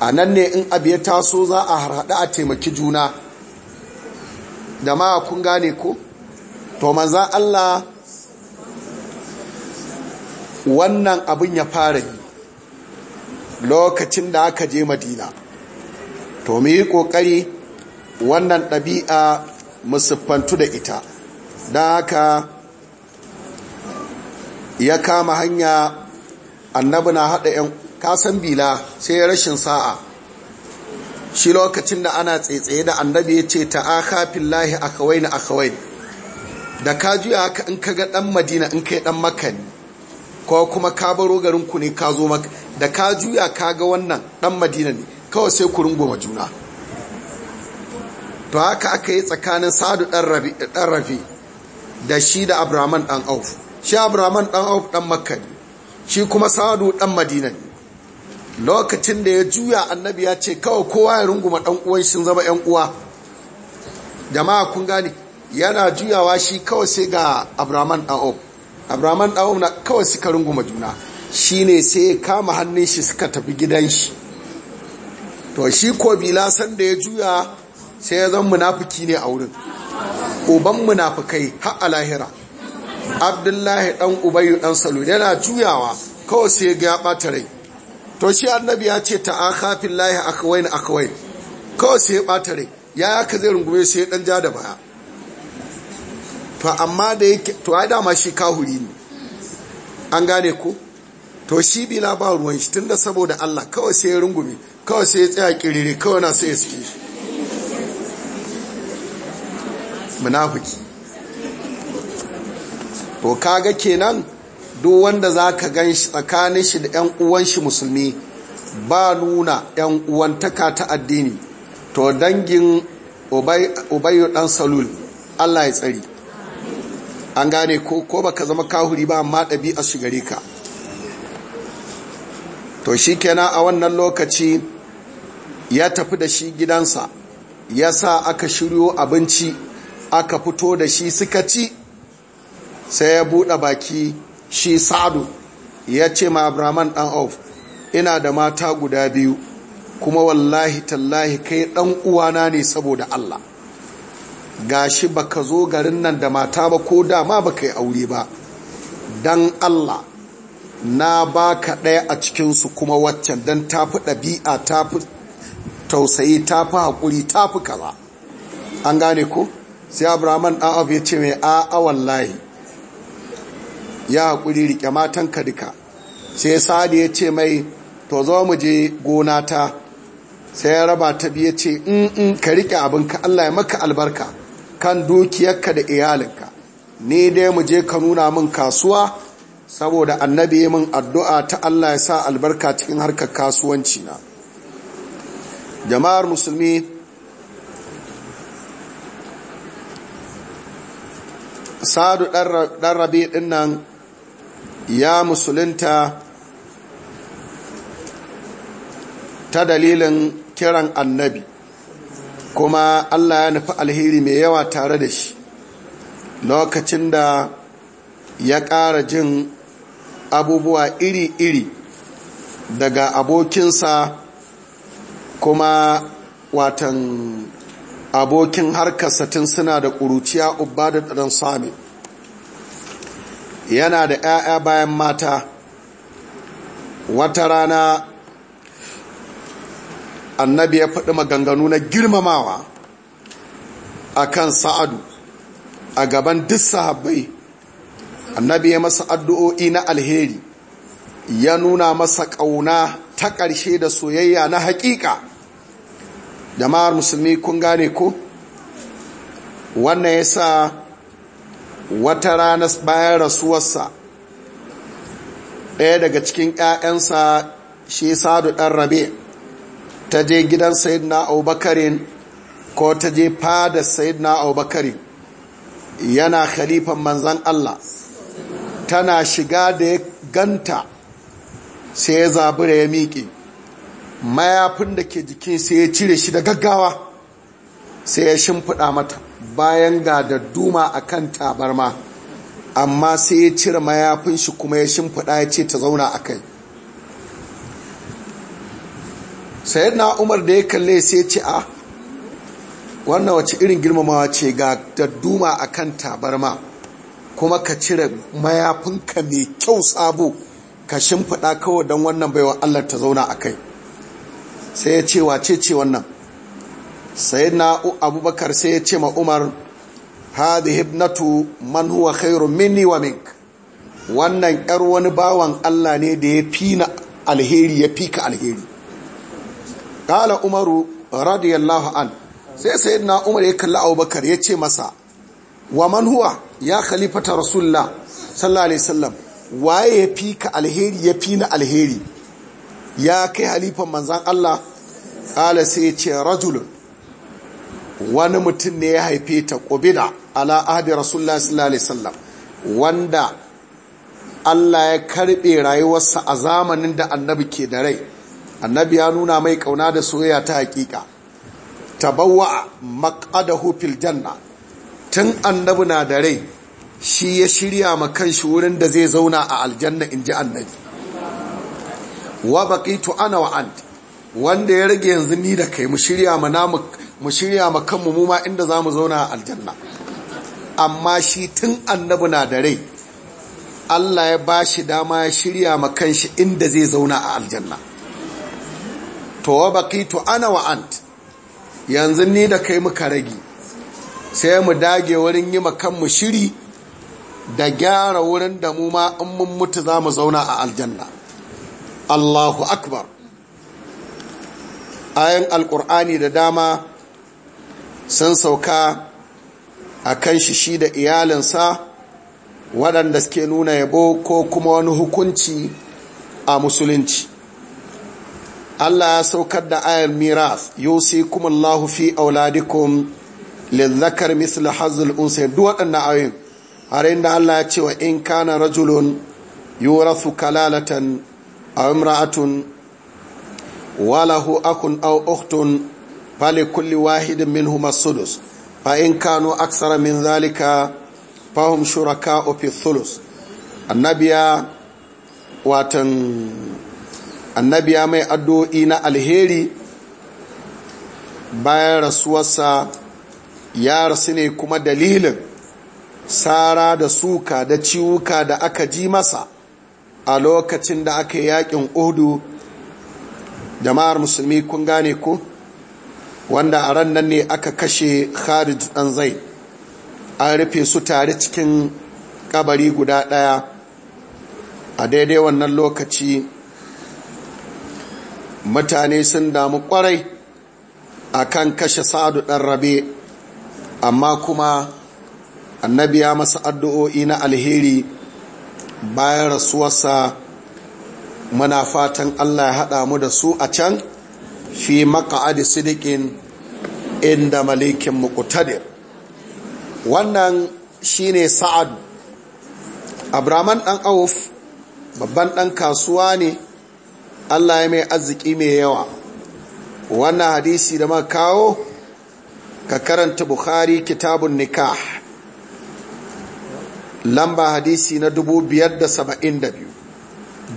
a nan ne in abu ya taso za a harhaɗa a taimaki juna da kun gane ko to manzan Allah wannan abin ya fara yi lokacin da aka je madina to mu yi ƙoƙari wannan ɗabi'a musuffantu da ita don haka ya kama hanya annabi na haɗa 'yan kasan bila sai rashin sa'a shi lokacin da ana tsaye da annabi ya ce a fillahi akawain akawain da ka juya haka in ka ga dan madina in kai dan Makani. ne ko kuma ka baro garin ku ne ka zo maka da ka juya ka ga wannan dan madina ne kawai sai ku rungo juna to haka aka yi tsakanin sadu dan rabi da shi da abraman dan auf shi abraman dan auf dan Makani, shi kuma sadu dan madina ne lokacin da ya juya annabi ya ce kawai kowa ya runguma dan uwan sun zama yan uwa jama'a kun gane yana juyawa shi kawai sai ga abraman ɗan'ob abraman ɗan'ob na kawai suka runguma juna shi ne sai ya kama hannun shi suka tafi gidan shi to shi ko bilasan da ya juya sai ya zan munafiki ne a wurin uban munafukai har a lahira abdullahi ɗan ubayu ɗan salu yana juyawa kawai sai ya ga ɓata rai to shi annabi ya ce ta a kawai na a kawai sai ya ɓata rai ya ka zai rungume sai ya ɗan ja da baya fa amma da yake to ai dama shi kahuri ne an gane ko to shi bila ba ruwan shi tunda saboda Allah kawai sai ya rungume kawai sai ya tsaya kirire kawai na sai ya suke shi munafiki to kaga kenan duk wanda za ka gan shi tsakanin shi da 'yan uwan shi musulmi ba nuna 'yan uwan taka ta addini to dangin obayo dan salul allah ya tsari an gane ko ko baka zama kahuri ba amma ɗabi'a su gare ka to shi kenan a wannan lokaci ya tafi da shi gidansa ya sa aka shiryo abinci aka fito da shi suka ci sai ya buɗe baki shi sa'adu ya ce ma abraman dan auf ina da mata guda biyu kuma wallahi tallahi kai dan uwana ne saboda Allah gashi baka zo garin nan da mata ba ko dama baka yi aure ba dan Allah na baka ɗaya a cikin su kuma waccan don tafi ɗabi'a tafi tausayi tafi haƙuri tafi kaza an gane ko sai abraman ɗan abu ya ce mai a'a wallahi ya haƙuri rike matanka duka sai sadi ya ce mai to zo mu je gona ta sai ya raba ta biye ce in mm, in mm, ka rike abinka Allah ya maka albarka kan dukiyarka da iyalinka ni dai mu je ka nuna min kasuwa saboda annabi mun addu'a ta Allah ya sa albarka cikin harkar kasuwanci na jama'ar musulmi sadu ɗan rabe ɗin ya musulunta ta dalilin kiran annabi kuma Allah ya nufi alheri mai yawa tare da shi lokacin da ya ƙara jin abubuwa iri-iri daga abokinsa kuma watan abokin harkarsa tun suna da ƙuruciya ubba da ɗan sami yana da 'ya'ya bayan mata wata rana annabi ya faɗi maganganu na girmamawa a kan sa'adu a gaban duk sahabbai annabi ya masa addu'o'i na alheri ya nuna masa ƙauna ta ƙarshe da soyayya na haƙiƙa jama'ar musulmi kun gane ko wannan ya sa wata rana bayan rasuwarsa ɗaya daga cikin ‘ya'yansa shi sadu ɗan rabe ta je gidan sayidina abubakarin ko ta je fada sayidina abubakarin yana khalifan manzan Allah tana shiga da ya ganta sai ya zabura ya miƙe mayafin da ke jikin sai ya cire shi da gaggawa sai ya shimfiɗa mata bayan ga dadduma a kan tabarma amma sai ya cire mayafin shi kuma ya shimfiɗa ya ce ta zauna a kai sayar na umar da ya kalle sai ya ce a wannan wace irin girmamawa ce ga dadduma a kan tabarma kuma ka cire mayafinka mai kyau sabo ka shimfiɗa kawai don wannan baiwa allah ta zauna a kai sai ya ce wace ce wannan na abubakar sai ya ce ma umar hadhihi hibnatu man huwa khairun mini wa mink wannan yar wani bawan Allah ne da ya fi na alheri ya fi ka alheri ƙala umaru radiyallahu an sai na umar ya kalli abubakar ya ce masa wa man huwa ya khalifata rasulullah sallallahu alaihi wasallam waye ya fi ka alheri ya fi na alheri ya kai halifan manzan Allah ƙala sai ya ce rajulun wani mutum ne ya haife ta ƙubida ala ahadi rasulullah sallallahu alaihi wasallam wanda Allah ya karɓe rayuwarsa a zamanin da annabi ke da rai annabi ya nuna mai kauna da soyayya ta hakika tabawwa maqadahu fil janna tun annabi na da rai shi ya shirya ma kanshi wurin da zai zauna a aljanna inji annabi wa baqitu ana wa ant wanda ya rage yanzu ni da kai mu shirya ma namu mu shirya ma kanmu mu ma inda za mu zauna a aljanna amma shi tun annabi na da rai Allah ya ba shi dama ya shirya ma kanshi inda zai zauna a aljanna to wa baqitu ana wa ant yanzu ni da kai muka rage sai mu dage wurin yi ma kanmu shiri da gyara wurin da mu ma in mun mutu za mu zauna a aljanna Allahu akbar ayan alkur'ani da dama sun sauka a kan shi shi da iyalinsa waɗanda suke nuna yabo ko kuma wani hukunci a musulunci Allah ya saukar da ayar miras sai kuma Allah fi auladikum lizakar misl hazul unsa duk waɗanda ayoyin har inda Allah ya ce wa in kana rajulun yurathu kalalatan aw imra'atun walahu akun aw ukhtun fali kulli wahidin huma sudus fa in kanu aksara min zalika fahum shuraka fi thulus annabiya watan annabiya mai addu'o'i na alheri bayan rasuwarsa ya rasu ne kuma dalilin sara da suka da ciwuka da aka ji masa a lokacin da aka yi yakin uhudu jama'ar musulmi kun gane ku. wanda a ran nan ne aka kashe kharij dan zai an rufe su tare cikin kabari guda daya a daidai wannan lokaci mutane sun damu kwarai akan kashe sa'adu dan rabe amma kuma annabi ya masa addu'o'i na alheri bayan rasuwarsa muna fatan Allah ya haɗa mu da su a can fi maka'adi sidikin inda malikin mukutadir wannan shi ne Sa'adu. abraman ɗan auf babban ɗan kasuwa ne Allah ya mai arziki mai yawa wannan hadisi da maka kawo ka karanta bukhari kitabun nikah lamba hadisi na 572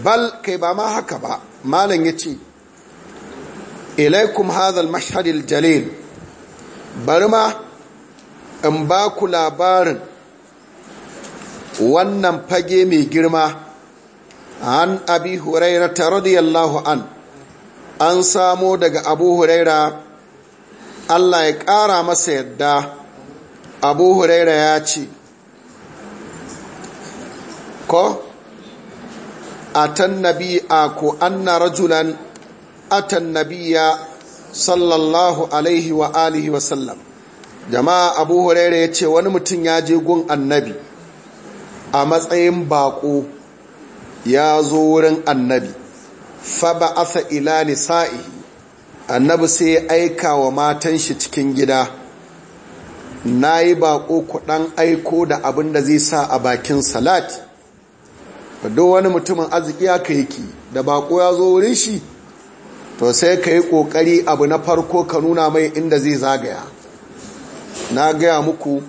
bal kai ba ma haka ba malam ya ce ilaikum hadhal mashhadil jalil bari ma in ba ku labarin wannan fage mai girma an abi huraira ta radiyallahu an an samo daga abu huraira Allah ya ƙara masa yadda abu huraira ya ce ko a tan a ko an na rajulan atan nabiya sallallahu alaihi wa alihi wa sallam jama'a abu huraira ya ce wani mutum ya je gun annabi a matsayin baƙo ya zo wurin annabi fa ba'atha ila nisa'i annabi sai ya aika wa matan shi cikin gida nayi baƙo kuɗan aiko da abin da zai sa a bakin salat duk wani mutumin arziki aka yake da baƙo ya zo wurin shi to sai ka yi ƙoƙari abu na farko ka nuna mai inda zai zagaya na gaya muku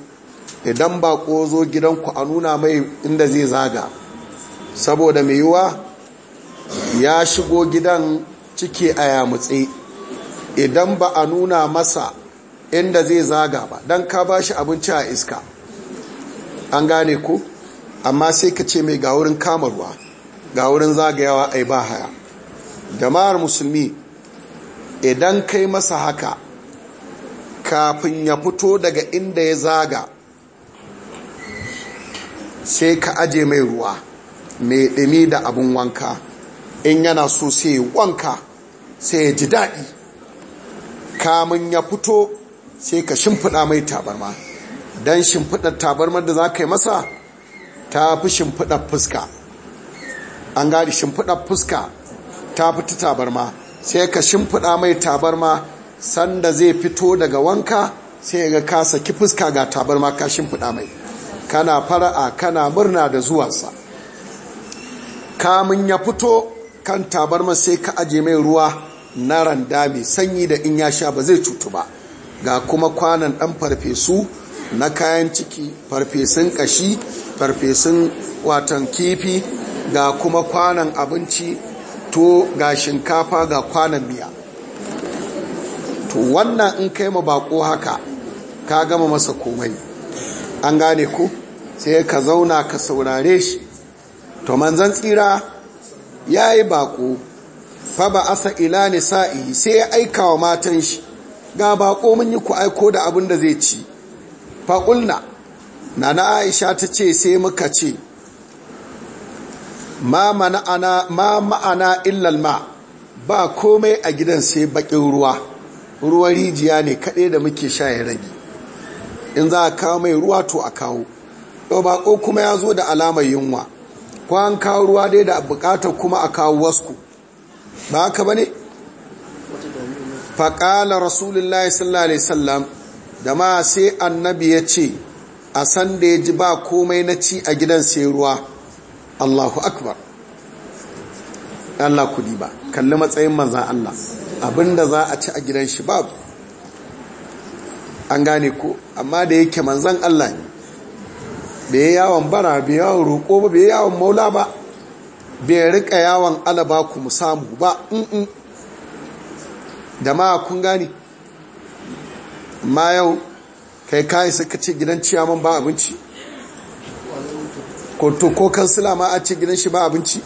idan ba ko zo gidanku a nuna mai inda zai zaga saboda mai yiwa ya shigo gidan ciki a yamutse idan ba a nuna masa inda zai zaga ba don ka ba shi abinci a iska an gane ku amma sai ka ce mai ga kamarwa ga wurin zagayawa ai ba haya jama'ar musulmi idan kai masa haka kafin ya fito daga inda ya zaga sai ka aje mai ruwa mai ɗimi da abin wanka in yana so sai wanka sai ya ji daɗi kamun ya fito sai ka shimfiɗa mai tabarma don shimfiɗa tabarma da za ka yi masa ta fi shimfiɗa fuska an gari shimfiɗa fuska ta fita tabarma sai ka shimfiɗa mai tabarma sanda zai fito daga wanka sai ga ka saki fuska ga tabarma ka shimfiɗa mai kana fara'a kana murna da zuwansa kamun ya fito kan tabarma sai ka aje mai ruwa na randa mai sanyi da in ya sha ba zai cutu ba ga kuma kwanan ɗan farfesu na kayan ciki farfesun ƙashi farfesun watan kifi ga kuma kwanan abinci to ga shinkafa ga kwanan miya to wannan in kai ma bako haka ka gama masa komai an gane ku sai ka zauna ka saurare shi to manzan tsira ya yi bako fa ba asa ila nisa'i sai ya aika wa matan shi ga bako mun yi ku aiko da abin da zai ci faƙulna na na aisha ta ce sai muka ce ma ma'ana illal ma ba komai a gidan sai bakin ruwa ruwan rijiya ne kaɗai da muke sha ya rage in za a kawo mai ruwa to a kawo ɗau bako kuma ya zo da alamar yunwa ko an kawo ruwa dai da bukatar kuma a kawo wasku ba haka ba ne faƙala rasulullahi sallallahu alaihi sallam da ma sai annabi ya ce a san da ya ji ba komai na ci a gidan sai ruwa Allahu akbar Allah kudi ba kalli matsayin manzan Allah abinda za a ci a gidan shi babu an gane ko amma da yake manzan Allah ne bai yawon bara bai yawon roƙo ba bai yawon maula ba bai rika yawon alaba ku samu ba da ma kun gane ma yau kai ka suka ce gidan ciyaman ba abinci ko ko kansila ma a ce gidan shi ba abinci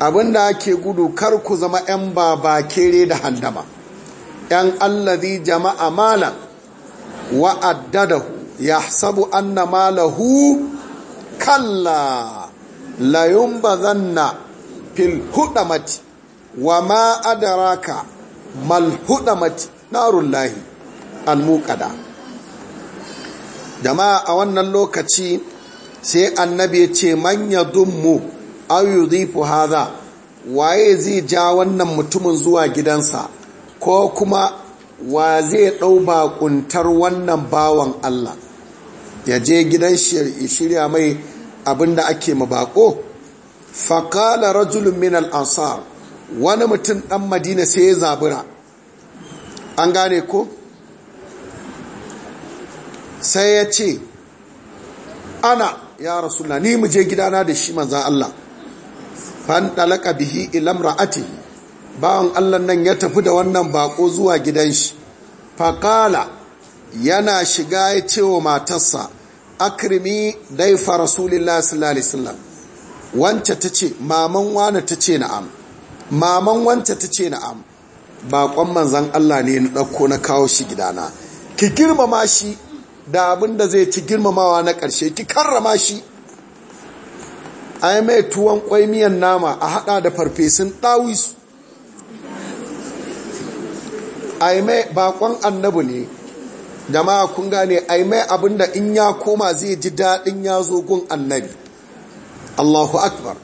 abinda ake gudu kar ku zama 'yan baba kere da handama 'yan allazi jama'a malan wa'addadahu ya sabu anna malahu kalla layun zanna fil hudamati wa ma adaraka mal hudamati narullahi almuqada jama'a a wannan lokaci sai annabi ya ce manya dummu au yudhifu waye zai ja wannan mutumin zuwa gidansa ko kuma wa zai ɗau bakuntar wannan bawan Allah ya je gidan shirya mai abinda ake mabako faƙala rajulun min ansa wani mutum ɗan madina sai ya zabura an gane ko sai ya ce ana ya rasu rasulullah ni mu je gidana da shi manzan Allah fan dalaka bihi ilam ra'ati bawan Allah nan ya tafi da wannan bako zuwa gidan shi Faƙala yana shiga ya ce wa matarsa akrimi daifa rasulullah sallallahu alaihi wasallam wance tace maman wani tace na'am maman wance tace na'am bakon manzan Allah ne na ɗauko na kawo shi gidana ki girmama shi da abin da zai ci girmamawa na ƙarshe ki karrama shi a yi mai tuwon ƙwai miyan nama a haɗa da farfesun ɗawisu a yi mai bakon annabu ne jama'a kun gane a yi mai abin da in ya koma zai ji daɗin ya zo gun annabi allahu akbar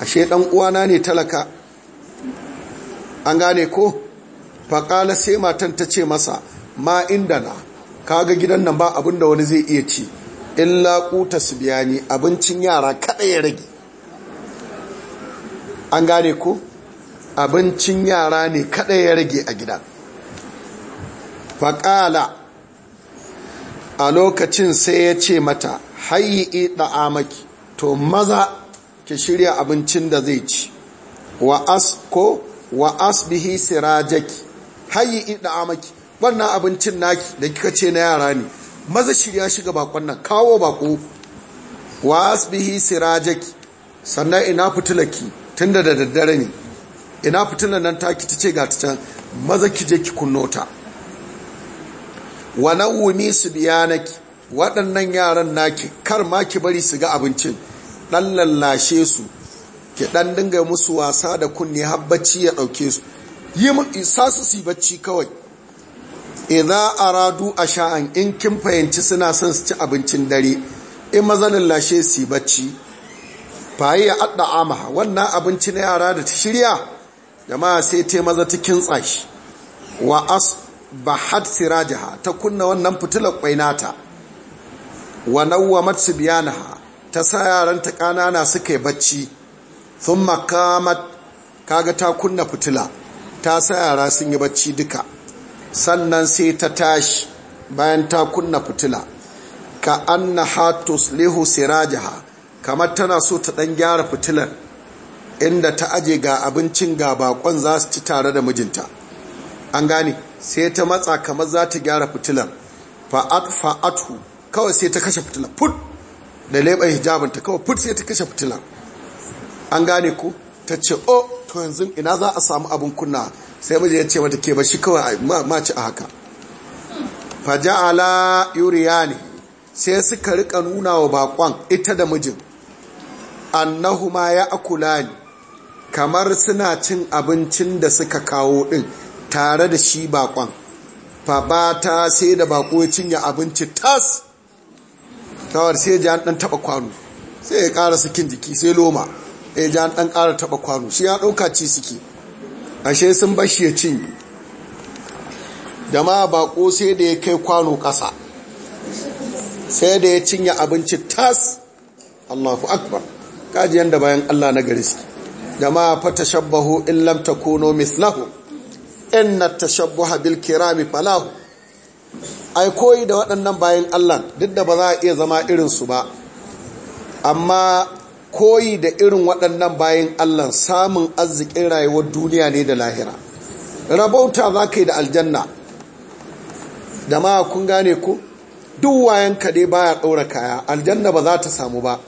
ashe ɗan uwana ne talaka an gane ko faƙala sai matan ta ce masa ma inda na kaga gidan nan ba abin da wani zai iya ci In laƙuta su biya ni abincin yara kada ya rage an gane ku? abincin yara ne kada ya rage a gida faƙala a lokacin sai ya ce mata hayi ɗa'amaki to maza ki shirya abincin da zai ci wa as ko wa as bihi sirajaki hayi ɗa'amaki wannan abincin naki da kika ce na yara ne maza shirya shiga bakon nan kawo bako wasbihi sirajaki sannan ina fitilaki tunda da daddare ne ina fitilan nan taki ce ga ta can maza ki je ki kunno ta wa biya naki waɗannan yaran naki kar ma ki bari su ga abincin Ɗan lallashe su ki ɗan dinga musu wasa da kunne habbaci ya ɗauke su yi mun isa su su bacci kawai idza aradu asha'an in kin fahimci suna son su ci abincin dare in mazanin lashe su bacci ya adda amaha wannan abinci na yara da ta shirya jama'a sai ta maza ta kintsa shi wa asbahat sirajaha ta kunna wannan fitilar kwainata wa nawwamat sibyanaha ta sa yaran ta kanana suka yi bacci thumma kamat kaga ta kunna fitila ta sa yara sun yi bacci duka sannan sai ta tashi bayan ta kunna fitila ka anna hatus lihu sirajaha kamar tana so ta dan gyara fitilar inda ta aje ga abincin ga bakon za su ci tare da mijinta an gane sai ta matsa kamar za ta gyara fitilar fa'at kawai sai ta kashe fitilar put da leɓa hijabinta kawai put sai ta kashe fitilar an gane ko ta ce o oh, to yanzu ina za a samu abin kunna sai miji ya ce mata ke ba shi kawai ma a haka faja'ala ne sai suka rika nuna wa bakon ita da mijin annahuma ya akula ne. kamar suna cin abincin da suka kawo din tare da shi bakon fabata sai da bako ya cinye abinci tas kawar sai ji an dan taba kwano sai ya kara kin jiki sai loma ya ji an dan kara taba kwano shi ya dauka ci suke ashe sun bashi ya cinye da ma bako sai da ya kai kwano ƙasa sai da ya cinye abinci tas allahu akbar kaji da bayan allah na gari suke da ma fata shabbahu in lamta kuno mislahu in na tashabbaha bil kirami falahu ai koyi da waɗannan bayan allah duk da ba za a iya zama irinsu ba amma koyi da irin waɗannan bayan Allah samun arzikin rayuwar duniya ne da lahira rabauta za ka yi da aljanna da ma kun gane ku duk wayan kaɗe baya ɗaura kaya aljanna ba za ta samu ba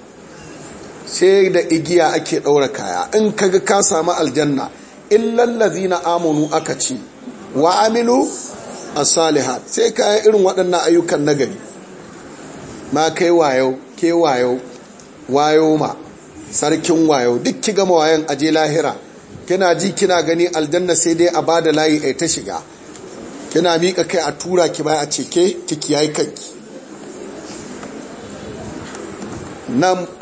sai da igiya ake ɗaura kaya in kaga ka samu aljanna illallazi na amonu aka ci wa amilu a saliha sai kayan irin waɗannan ayyukan na gani. ma kai wayo ke wayo wayo ma sarkin wayo duk ki gama wayan aje lahira kina ji kina gani aljanna sai dai a bada layi ai ta shiga kina mika kai a tura ki bai a ce ke ki yayi kanki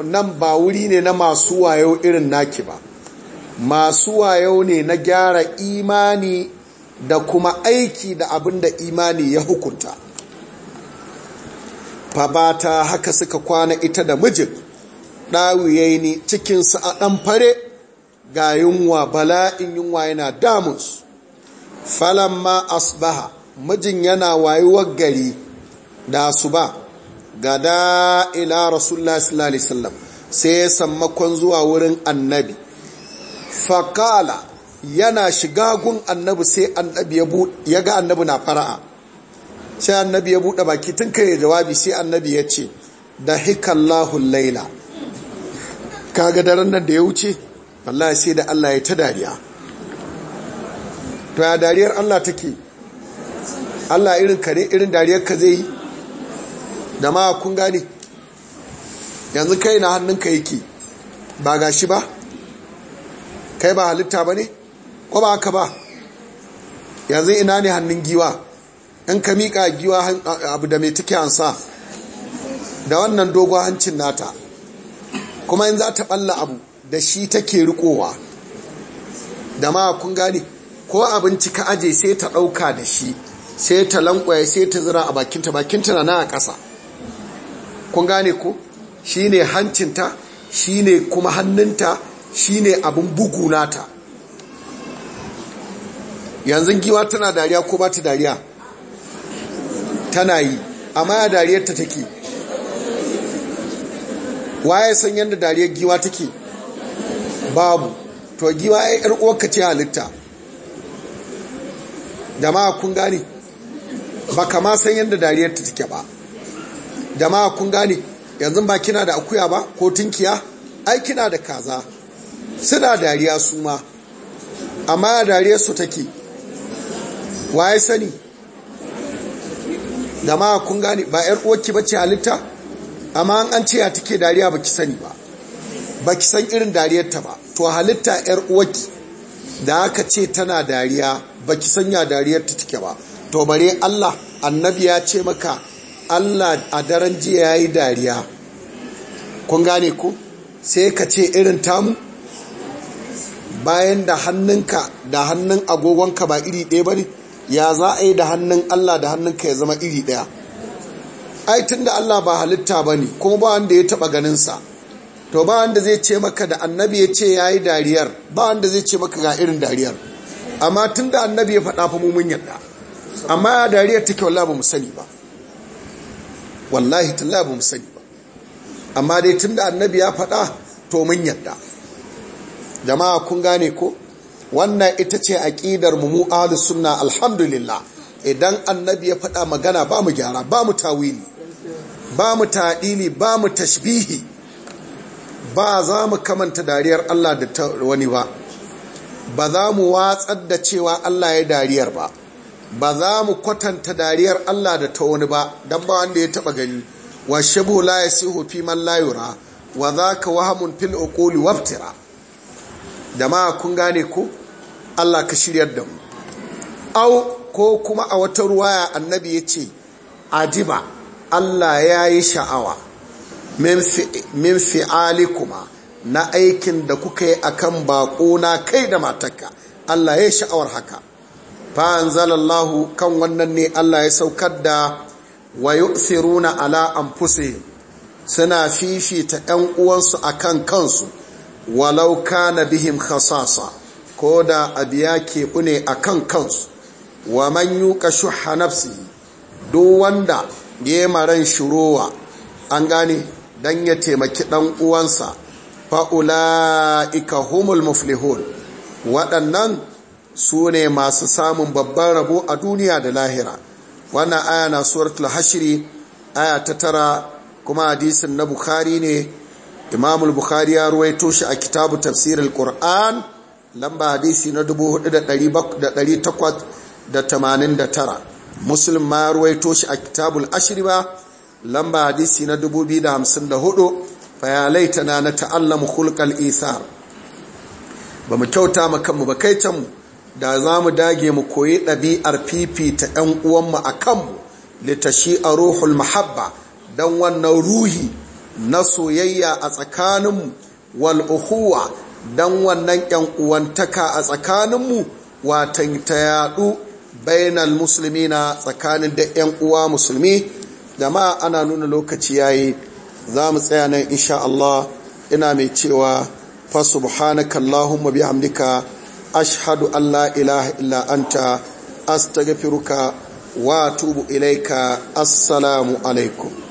nan ba wuri ne na masu wayo irin naki ba masu wayo ne na gyara imani da kuma aiki da abin da imani ya hukunta fa ba ta haka suka kwana ita da mijin ɗawiyai ne cikinsu a ɗan fare ga yunwa bala'in yunwa yana damus falamma asbaha mijin yana wayuwar gari da su ba gada ila rasulullah sallallahu alaihi wasallam sai ya sammakon zuwa wurin annabi fakala yana shiga gun annabi sai annabi ya ga annabi na fara'a sai annabi ya buɗe baki tun kai jawabi sai annabi ya ce da hikallahu laila kaga daren nan da ya wuce Allah sai da Allah ya ta dariya to ya dariyar Allah take Allah irin kare irin dariyar ka zai yi da ma kun gane yanzu kai na hannunka yake ba gashi ba kai ba halitta ba ne ko ba haka ba yanzu ina ne hannun giwa in ka miƙa giwa abu da mai take ansa? da wannan dogon hancin nata kuma in za ta balla abu da shi take rikowa da ma kun gane ko abinci ka aje sai ta ɗauka da shi sai ta lankwaye sai ta zira a bakinta bakinta na na a ƙasa kun gane ko shi ne hancinta shi ne kuma hannunta shi ne abin bugu nata yanzu giwa tana dariya ko ba ta dariya tana yi amma ya dariyarta take waye san yadda dariyar giwa take babu to giwa ai yar uwarka ce halitta jama'a kun gane baka ma san yadda dariyar ta take ba jama'a kun gane yanzu ba kina da akuya ba ko tunkiya ai kina da kaza suna dariya su ma amma dariyar su take waye sani jama'a kun gane ba yar uwarki bace halitta amma an ce ya take dariya ba ki sani ba ba ki san irin dariyarta ba to halitta yar uwaki da aka ce tana dariya baki san ya dariyarta take ba to bare Allah annabi ya ce maka Allah a daren jiya yayi dariya kun gane ko sai ka ce irin tamu bayan da hannunka da hannun agogonka ba iri ɗaya bane ya za a yi da hannun Allah da hannunka ya zama iri ɗaya ai tunda Allah ba halitta bane kuma ba wanda ya taba ganin sa to ba wanda zai ce maka da annabi ya ce yayi dariyar ba wanda zai ce maka ga irin dariyar amma tunda annabi ya faɗa fa mu mun yadda amma dariyar take wallahi ba mu sani ba wallahi tallahi ba mu sani ba amma dai tunda annabi ya faɗa to mun yadda jama'a kun gane ko wannan ita ce aqidar mu mu ahlus sunna alhamdulillah idan annabi ya faɗa magana ba mu gyara ba mu tawili ba mu taɗili ba mu tashbihi ba za mu kamanta dariyar Allah da wani ba ba za mu watsar da cewa Allah ya dariyar ba ba za mu kwatanta dariyar Allah da ta wani ba don ba wanda ya taɓa gani wa shabu la yasihu fi man za ka wa hamun wahamun fil okoli waftira da ma kun gane ko Allah ka shiryar da mu au ko kuma a wata ruwaya annabi ya ce adiba Allah ya yi sha'awa min fi'ali kuma na aikin da kuka yi a akan na kai da matakka Allah ya yi sha'awar haka fa'an zalallahu kan wannan ne Allah ya saukar da wa yu'thiruna ala anfusihim suna fifita 'yan uwansu akan kansu walauka na bihim khasasa ko da abiya ke a akan kansu wa man yuka shuha nafsi duk wanda ya maran shuruwa an gane dan ya taimaki dan uwansa fa ulaika humul muflihun waɗannan su ne masu samun babban rabo a duniya da lahira wannan aya na suratul hashri aya ta tara kuma hadisin na bukhari ne imamul bukhari ya ruwaito shi a kitabu tafsirul qur'an lamba hadisi na 4800 da tamanin da tara muslim ma ruwaito shi a kitabul ashiri ba lamba hadisi na dubu biyu da fayalai ta na ta'allama hulkal isar ba mu kyauta ma kanmu ba kai canmu da za mu dage mu koyi ɗabi'ar fifita 'yan uwanmu a kanmu shi a ruhul mahabba don wannan ruhi na soyayya a tsakaninmu uhuwa don wannan ‘yan uwantaka a tsakaninmu watan ta yaɗu bainal na tsakanin da yan uwa musulmi jama'a ana nuna lokaci yayi za mu tsaya nan insha Allah ina mai cewa fa subhanaka allahumma bihamdika ashhadu an la ilaha illa anta astaghfiruka wa atubu ilaika assalamu alaikum